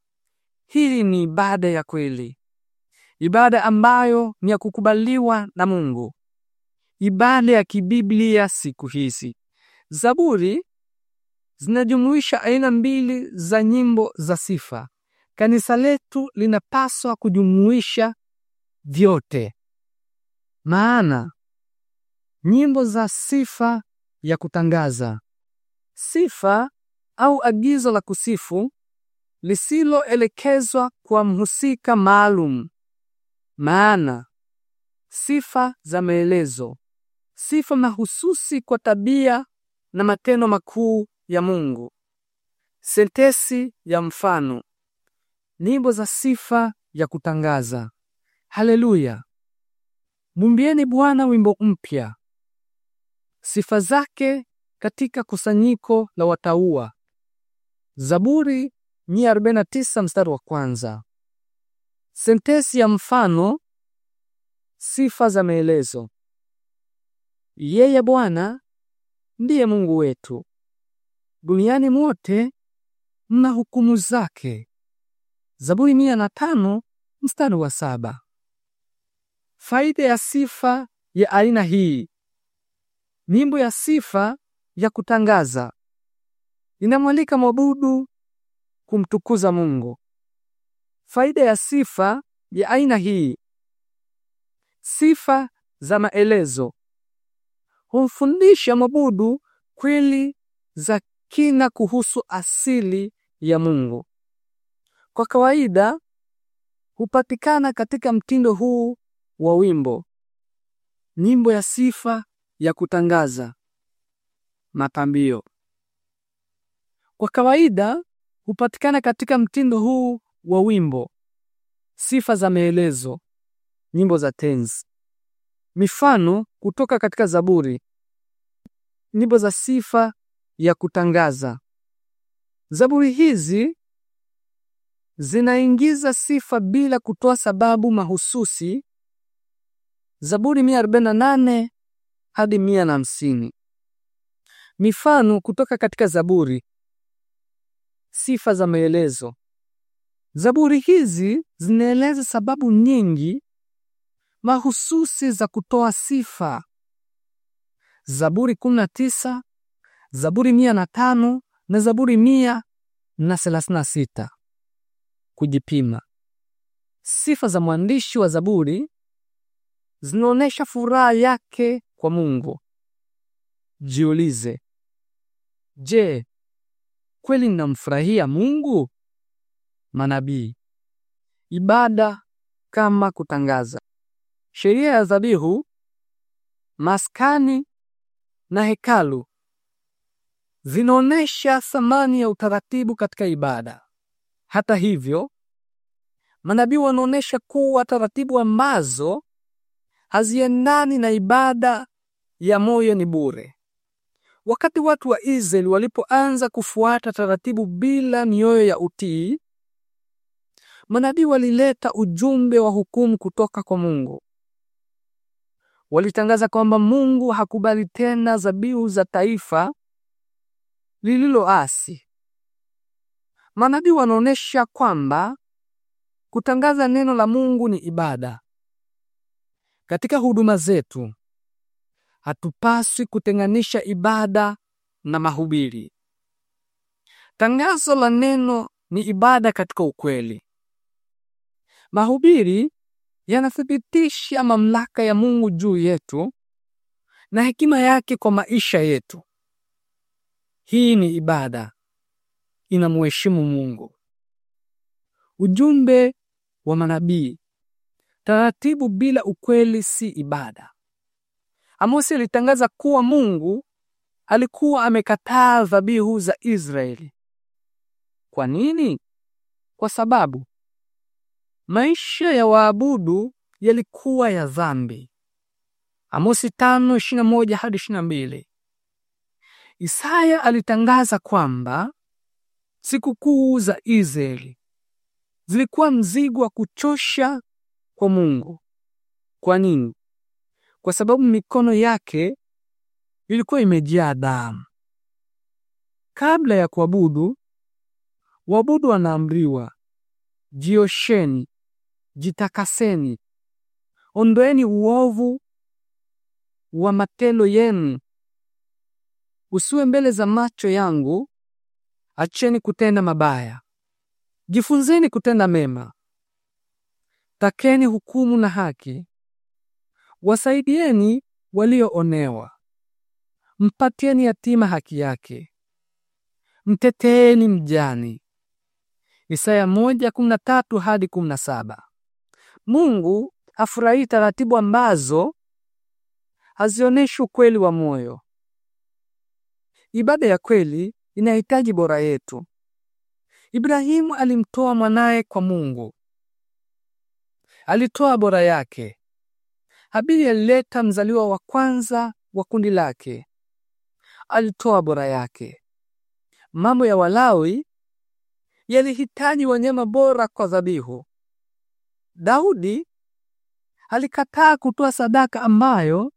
Hii ni ibada ya kweli, ibada ambayo ni ya kukubaliwa na Mungu, ibada ya kibiblia. Siku hizi zaburi zinajumuisha aina mbili za nyimbo za sifa. Kanisa letu linapaswa kujumuisha vyote, maana nyimbo za sifa ya kutangaza sifa au agizo la kusifu lisiloelekezwa kwa mhusika maalum. Maana sifa za maelezo, sifa mahususi kwa tabia na matendo makuu ya Mungu. Sentesi ya mfano, nyimbo za sifa ya kutangaza. Haleluya! mumbieni Bwana wimbo mpya. Sifa zake katika kusanyiko la wataua Zaburi 149 mstari wa kwanza. Sentensi ya mfano, sifa za maelezo. Yeye Bwana ndiye Mungu wetu, duniani mwote mna hukumu zake. Zaburi 105 mstari wa saba. Faida ya sifa ya aina hii: nyimbo ya sifa ya kutangaza inamwalika mwabudu kumtukuza Mungu. Faida ya sifa ya aina hii: sifa za maelezo humfundisha mwabudu kweli za kina kuhusu asili ya Mungu. Kwa kawaida hupatikana katika mtindo huu wa wimbo, nyimbo ya sifa ya kutangaza, mapambio. Kwa kawaida hupatikana katika mtindo huu wa wimbo. Sifa za maelezo: nyimbo za tenzi, mifano kutoka katika Zaburi, nyimbo za sifa ya kutangaza. Zaburi hizi zinaingiza sifa bila kutoa sababu mahususi. Zaburi 148 hadi 150. Mifano kutoka katika Zaburi sifa za maelezo. Zaburi hizi zinaeleza sababu nyingi mahususi za kutoa sifa. Zaburi 19, Zaburi 105 na Zaburi 136. Kujipima. Sifa za mwandishi wa Zaburi zinaonesha furaha yake kwa Mungu. Jiulize, je, kweli ninamfurahia Mungu? Manabii. Ibada kama kutangaza. Sheria ya dhabihu, maskani na hekalu zinaonesha thamani ya utaratibu katika ibada. Hata hivyo, manabii wanaonesha kuwa taratibu ambazo haziendani na ibada ya moyo ni bure. Wakati watu wa Israeli walipoanza kufuata taratibu bila mioyo ya utii, manabii walileta ujumbe wa hukumu kutoka kwa Mungu. Walitangaza kwamba Mungu hakubali tena zabihu za taifa lililoasi. Manabii wanaonesha kwamba kutangaza neno la Mungu ni ibada. Katika huduma zetu hatupaswi kutenganisha ibada na mahubiri. Tangazo la neno ni ibada katika ukweli. Mahubiri yanathibitisha mamlaka ya Mungu juu yetu na hekima yake kwa maisha yetu. Hii ni ibada, inamheshimu Mungu. Ujumbe wa manabii, taratibu bila ukweli si ibada. Amosi alitangaza kuwa Mungu alikuwa amekataa dhabihu za Israeli. Kwa nini? Kwa sababu maisha ya waabudu yalikuwa ya dhambi. Amosi 5:21 hadi 22. Isaya alitangaza kwamba sikukuu za Israeli zilikuwa mzigo wa kuchosha kwa Mungu. Kwa nini? kwa sababu mikono yake ilikuwa imejaa damu. Kabla ya kuabudu, waabudu wanaamriwa jiosheni, jitakaseni, ondoeni uovu wa matendo yenu, usiwe mbele za macho yangu, acheni kutenda mabaya, jifunzeni kutenda mema, takeni hukumu na haki, Wasaidieni walioonewa, mpatieni yatima haki yake, mteteeni mjani. Isaya moja tatu hadi kumi saba. Mungu hafurahii taratibu ambazo hazionyeshi ukweli wa moyo. Ibada ya kweli inahitaji bora yetu. Ibrahimu alimtoa mwanaye kwa Mungu, alitoa bora yake. Habili alileta mzaliwa wa kwanza wa kundi lake, alitoa bora yake. Mambo ya Walawi yalihitaji wanyama bora kwa dhabihu. Daudi alikataa kutoa sadaka ambayo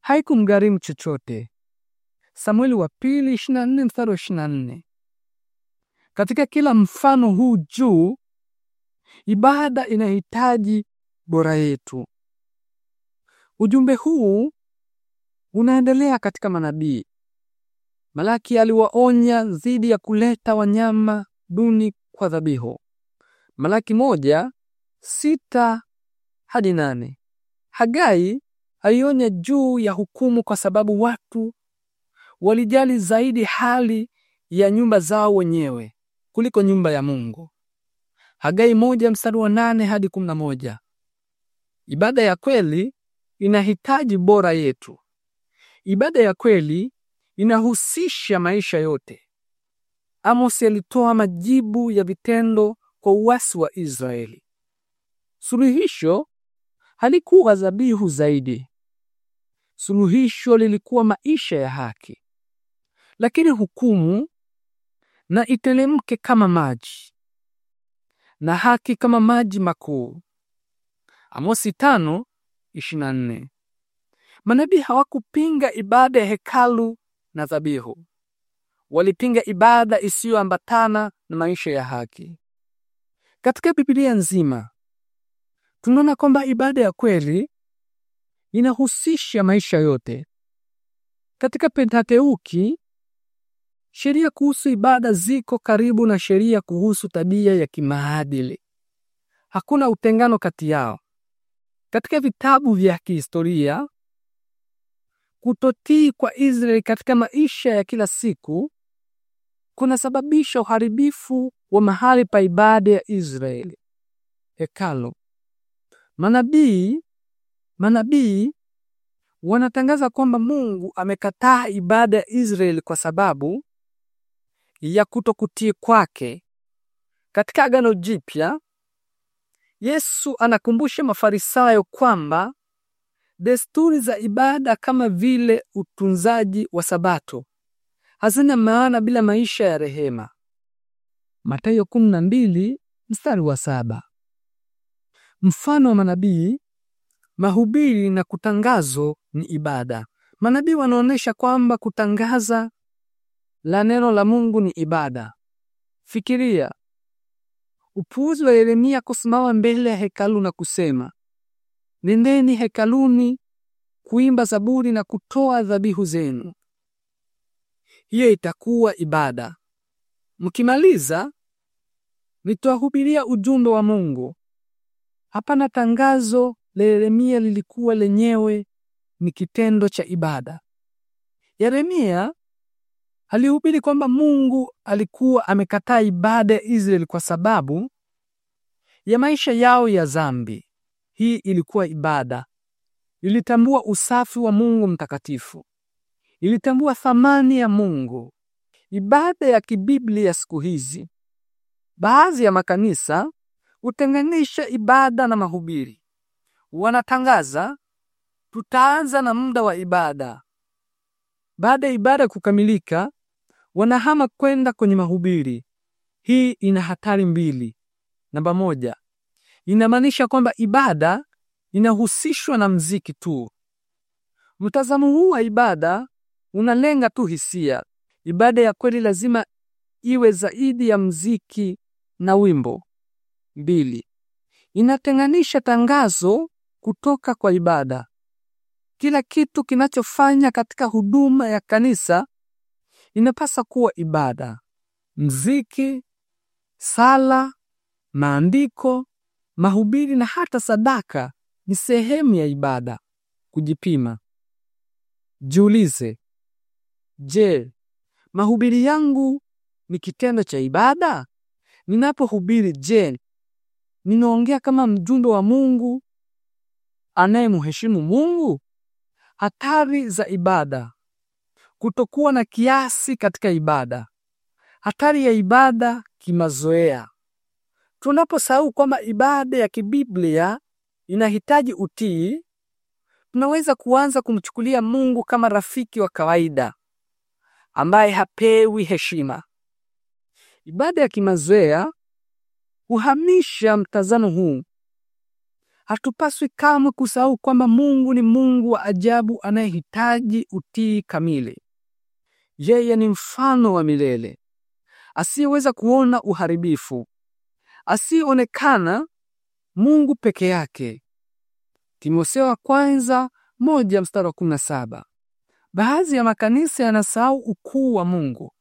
haikumgharimu chochote. Samueli wa pili 24 mstari 24. Katika kila mfano huu juu, ibada inahitaji bora yetu. Ujumbe huu unaendelea katika manabii. Malaki aliwaonya dhidi ya kuleta wanyama duni kwa dhabihu. Malaki moja sita hadi nane. Hagai alionya juu ya hukumu kwa sababu watu walijali zaidi hali ya nyumba zao wenyewe kuliko nyumba ya Mungu. Hagai moja mstari wa nane hadi kumi na moja. Ibada ya kweli inahitaji bora yetu. Ibada ya kweli inahusisha maisha yote. Amos alitoa majibu ya vitendo kwa uasi wa Israeli. Suluhisho halikuwa dhabihu zaidi. Suluhisho lilikuwa maisha ya haki. Lakini hukumu na itelemke kama maji, na haki kama maji makuu. Amosi tano 24. Manabii hawakupinga ibada ya hekalu na dhabihu. Walipinga ibada isiyoambatana na maisha ya haki. Katika Biblia nzima tunaona kwamba ibada ya kweli inahusisha maisha yote. Katika Pentateuki, sheria kuhusu ibada ziko karibu na sheria kuhusu tabia ya kimaadili. Hakuna utengano kati yao katika vitabu vya kihistoria. Kutotii kwa Israeli katika maisha ya kila siku kunasababisha uharibifu wa mahali pa ibada ya Israeli, hekalo. Manabii manabii wanatangaza kwamba Mungu amekataa ibada ya Israeli kwa sababu ya kutokutii kwake. Katika Agano Jipya Yesu anakumbusha Mafarisayo kwamba desturi za ibada kama vile utunzaji wa Sabato hazina maana bila maisha ya rehema. Mathayo 12 mstari wa saba. Mfano wa manabii, mahubiri na kutangazo ni ibada. Manabii wanaonesha kwamba kutangaza la neno la Mungu ni ibada. Fikiria upuuzi wa Yeremia kusimama mbele ya hekalu na kusema, nendeni hekaluni kuimba zaburi na kutoa dhabihu zenu, hiyo itakuwa ibada. Mkimaliza nitawahubiria ujumbe wa Mungu. Hapana, tangazo la Yeremia lilikuwa lenyewe ni kitendo cha ibada. Yeremia alihubiri kwamba Mungu alikuwa amekataa ibada ya Israeli kwa sababu ya maisha yao ya zambi Hii ilikuwa ibada, ilitambua usafi wa Mungu mtakatifu, ilitambua thamani ya Mungu. Ibada ya kibiblia siku hizi, baadhi ya makanisa hutenganisha ibada na mahubiri. Wanatangaza, tutaanza na muda wa ibada, baada ya ibada kukamilika, wanahama kwenda kwenye mahubiri. Hii ina hatari mbili. Namba moja, inamaanisha kwamba ibada inahusishwa na mziki tu. Mtazamo huu wa ibada unalenga tu hisia. Ibada ya kweli lazima iwe zaidi ya mziki na wimbo. Mbili, inatenganisha tangazo kutoka kwa ibada. Kila kitu kinachofanya katika huduma ya kanisa inapasa kuwa ibada, mziki, sala, maandiko, mahubiri na hata sadaka ni sehemu ya ibada. Kujipima. Jiulize, je, mahubiri yangu ni kitendo cha ibada? Ninapohubiri, je, ninaongea kama mjumbe wa Mungu anayemheshimu Mungu? Hatari za ibada: kutokuwa na kiasi katika ibada. Hatari ya ibada kimazoea: tunaposahau kwamba ibada ya kibiblia inahitaji utii, tunaweza kuanza kumchukulia Mungu kama rafiki wa kawaida ambaye hapewi heshima. Ibada ya kimazoea huhamisha mtazamo huu Hatupaswi kamwe kusahau kwamba Mungu ni Mungu wa ajabu anayehitaji utii kamili. Yeye ni mfano wa milele asiyeweza kuona uharibifu, asiyeonekana, Mungu peke yake. Timotheo wa kwanza moja mstari wa saba. Baadhi ya makanisa yanasahau ukuu wa Mungu.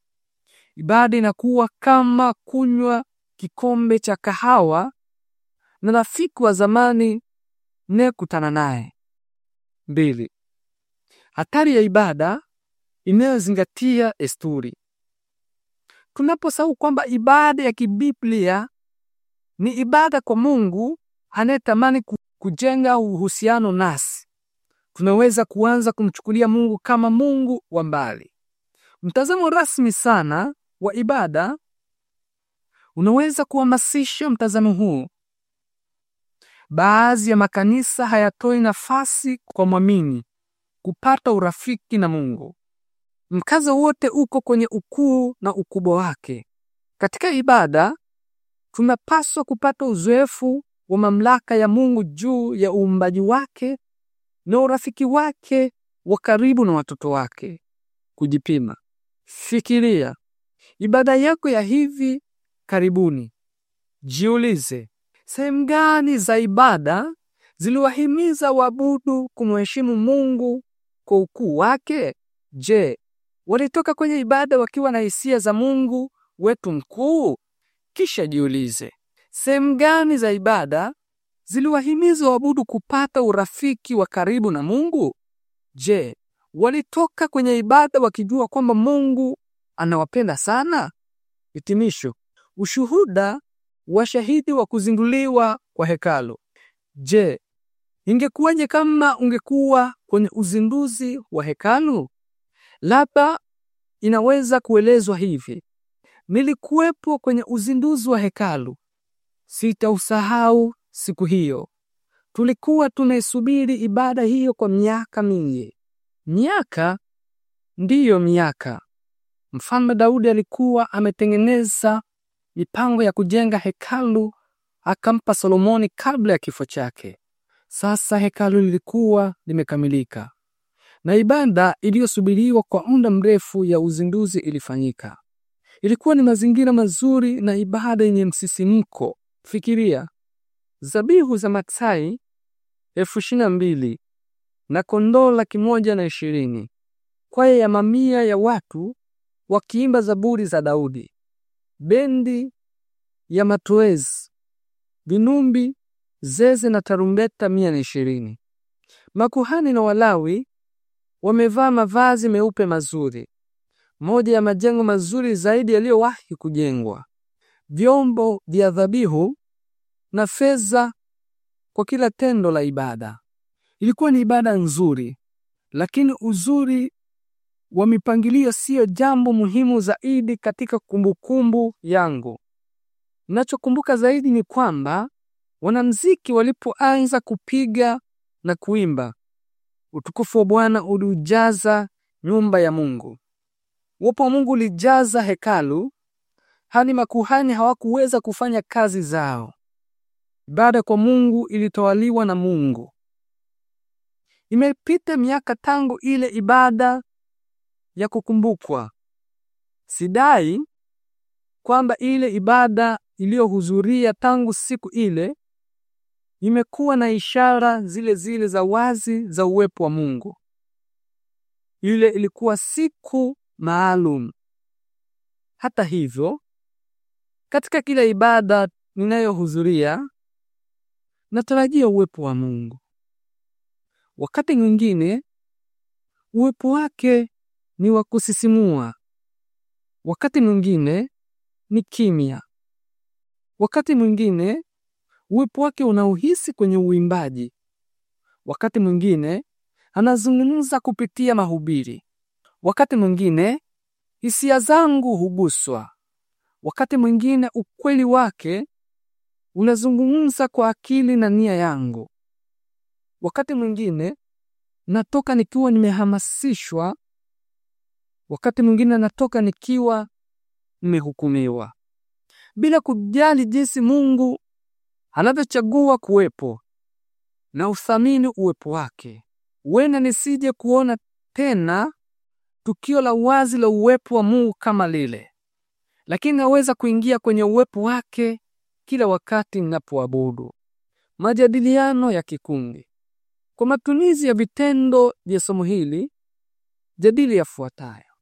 Ibada inakuwa kama kunywa kikombe cha kahawa na rafiki wa zamani mnayekutana naye. Mbili, hatari ya ibada inayozingatia desturi. Tunaposahau kwamba ibada ya kibiblia ni ibada kwa Mungu anayetamani kujenga uhusiano nasi, tunaweza kuanza kumchukulia Mungu kama Mungu wa mbali. Mtazamo rasmi sana wa ibada unaweza kuhamasisha mtazamo huu Baadhi ya makanisa hayatoi nafasi kwa mwamini kupata urafiki na Mungu. Mkazo wote uko kwenye ukuu na ukubwa wake. Katika ibada tunapaswa kupata uzoefu wa mamlaka ya Mungu juu ya uumbaji wake na urafiki wake wa karibu na watoto wake. Kujipima. Fikiria ibada yako ya hivi karibuni. Jiulize, sehemu gani za ibada ziliwahimiza wabudu kumheshimu Mungu kwa ukuu wake? Je, walitoka kwenye ibada wakiwa na hisia za Mungu wetu mkuu? Kisha jiulize, sehemu gani za ibada ziliwahimiza wabudu kupata urafiki wa karibu na Mungu? Je, walitoka kwenye ibada wakijua kwamba Mungu anawapenda sana? Hitimisho: ushuhuda washahidi wa kuzinduliwa kwa hekalu Je, ingekuwaje kama ungekuwa kwenye uzinduzi wa hekalu? Labda inaweza kuelezwa hivi: nilikuwepo kwenye uzinduzi wa hekalu, sitausahau siku hiyo. Tulikuwa tunaisubiri ibada hiyo kwa miaka mingi. Miaka ndiyo miaka. Mfalme Daudi alikuwa ametengeneza mipango ya kujenga hekalu akampa Solomoni kabla ya kifo chake. Sasa hekalu lilikuwa limekamilika na ibada iliyosubiriwa kwa muda mrefu ya uzinduzi ilifanyika. Ilikuwa ni mazingira mazuri na ibada yenye msisimko. Fikiria zabihu za matsai elfu ishirini na mbili na kondoo laki moja na ishirini kwaya ya mamia ya watu wakiimba zaburi za Daudi bendi ya matoezi vinumbi, zeze na tarumbeta mia na ishirini. Makuhani na Walawi wamevaa mavazi meupe mazuri, moja ya majengo mazuri zaidi yaliyowahi kujengwa, vyombo vya dhabihu na fedha kwa kila tendo la ibada. Ilikuwa ni ibada nzuri, lakini uzuri wa mipangilio siyo jambo muhimu zaidi katika kumbukumbu yangu. Nachokumbuka zaidi ni kwamba wanamziki walipoanza kupiga na kuimba, utukufu wa Bwana uliujaza nyumba ya Mungu. Uwepo wa Mungu ulijaza hekalu. Hani makuhani hawakuweza kufanya kazi zao. Ibada kwa Mungu ilitawaliwa na Mungu. Imepita miaka tangu ile ibada ya kukumbukwa. Sidai kwamba ile ibada iliyohudhuria tangu siku ile imekuwa na ishara zile zile za wazi za uwepo wa Mungu. Ile ilikuwa siku maalum. Hata hivyo, katika kila ibada ninayohudhuria natarajia uwepo wa Mungu. Wakati mwingine uwepo wake ni wa kusisimua, wakati mwingine ni kimya, wakati mwingine uwepo wake unauhisi kwenye uimbaji, wakati mwingine anazungumza kupitia mahubiri, wakati mwingine hisia zangu huguswa, wakati mwingine ukweli wake unazungumza kwa akili na nia yangu, wakati mwingine natoka nikiwa nimehamasishwa Wakati mwingine natoka nikiwa nimehukumiwa, bila kujali jinsi Mungu anavyochagua kuwepo na uthamini uwepo wake. Wena nisije kuona tena tukio la wazi la uwepo wa Mungu kama lile, lakini naweza kuingia kwenye uwepo wake kila wakati ninapoabudu. Majadiliano ya kikundi. Kwa matumizi ya vitendo vya somo hili, jadili yafuatayo.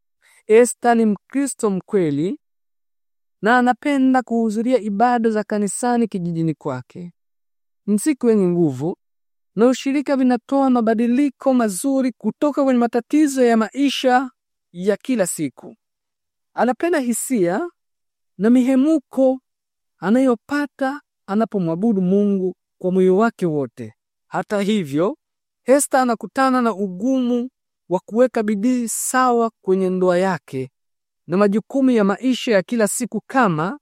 Esta ni Mkristo mkweli na anapenda kuhudhuria ibada za kanisani kijijini kwake. Mziki wenye nguvu na ushirika vinatoa mabadiliko mazuri kutoka kwenye matatizo ya maisha ya kila siku. Anapenda hisia na mihemuko anayopata anapomwabudu Mungu kwa moyo wake wote. Hata hivyo, Esta anakutana na ugumu wa kuweka bidii sawa kwenye ndoa yake na majukumu ya maisha ya kila siku kama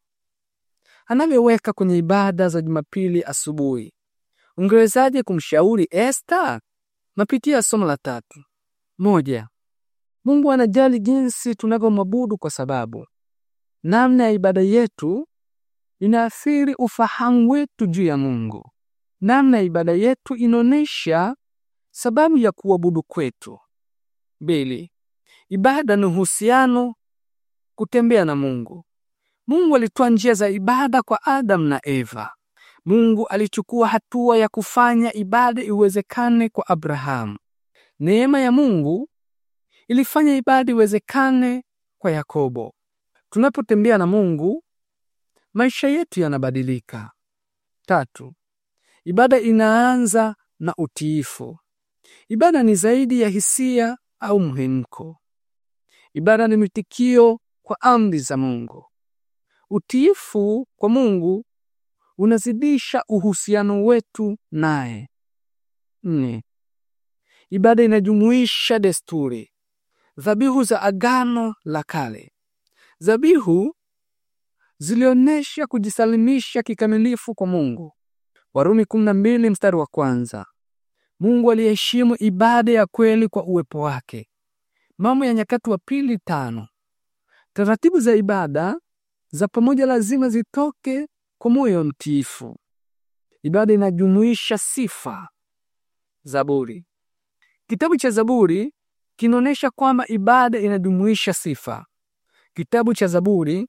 anavyoweka kwenye ibada za Jumapili asubuhi. Ungewezaje kumshauri Esther? Mapitia ya somo la tatu. Moja, Mungu anajali jinsi tunavyomwabudu kwa sababu namna ya ibada yetu inaathiri ufahamu wetu juu ya Mungu. Namna ya ibada yetu inaonesha sababu ya kuabudu kwetu. Bili. ibada ni uhusiano, kutembea na Mungu. Mungu alitoa njia za ibada kwa Adam na Eva. Mungu alichukua hatua ya kufanya ibada iwezekane kwa Abrahamu. Neema ya Mungu ilifanya ibada iwezekane kwa Yakobo. Tunapotembea na Mungu, maisha yetu yanabadilika. Tatu, ibada inaanza na utiifu. Ibada ni zaidi ya hisia au mhemko. Ibada ni mwitikio kwa amri za Mungu. Utiifu kwa Mungu unazidisha uhusiano wetu naye. Nne, ibada inajumuisha desturi, dhabihu za Agano la Kale. Dhabihu zilionyesha kujisalimisha kikamilifu kwa Mungu. Warumi 12 mstari wa kwanza. Mungu aliheshimu ibada ya kweli kwa uwepo wake. Mambo ya Nyakati wa Pili tano. Taratibu za ibada za pamoja lazima zitoke kwa moyo mtiifu. Ibada inajumuisha sifa. Zaburi. Kitabu cha Zaburi kinaonesha kwamba ibada inajumuisha sifa. Kitabu cha Zaburi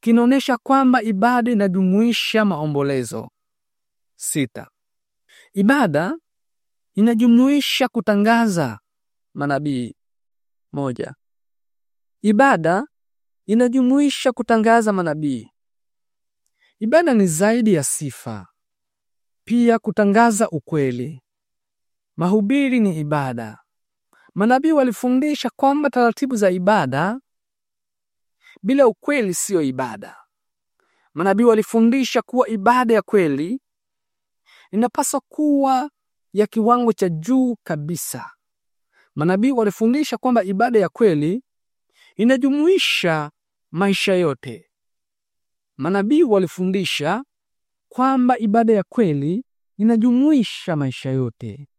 kinaonesha kwamba ibada inajumuisha maombolezo. Sita. Ibada inajumuisha kutangaza manabii. Moja, ibada inajumuisha kutangaza manabii. Ibada ni zaidi ya sifa, pia kutangaza ukweli. Mahubiri ni ibada. Manabii walifundisha kwamba taratibu za ibada bila ukweli siyo ibada. Manabii walifundisha kuwa ibada ya kweli inapaswa kuwa ya kiwango cha juu kabisa. Manabii walifundisha kwamba ibada ya kweli inajumuisha maisha yote. Manabii walifundisha kwamba ibada ya kweli inajumuisha maisha yote.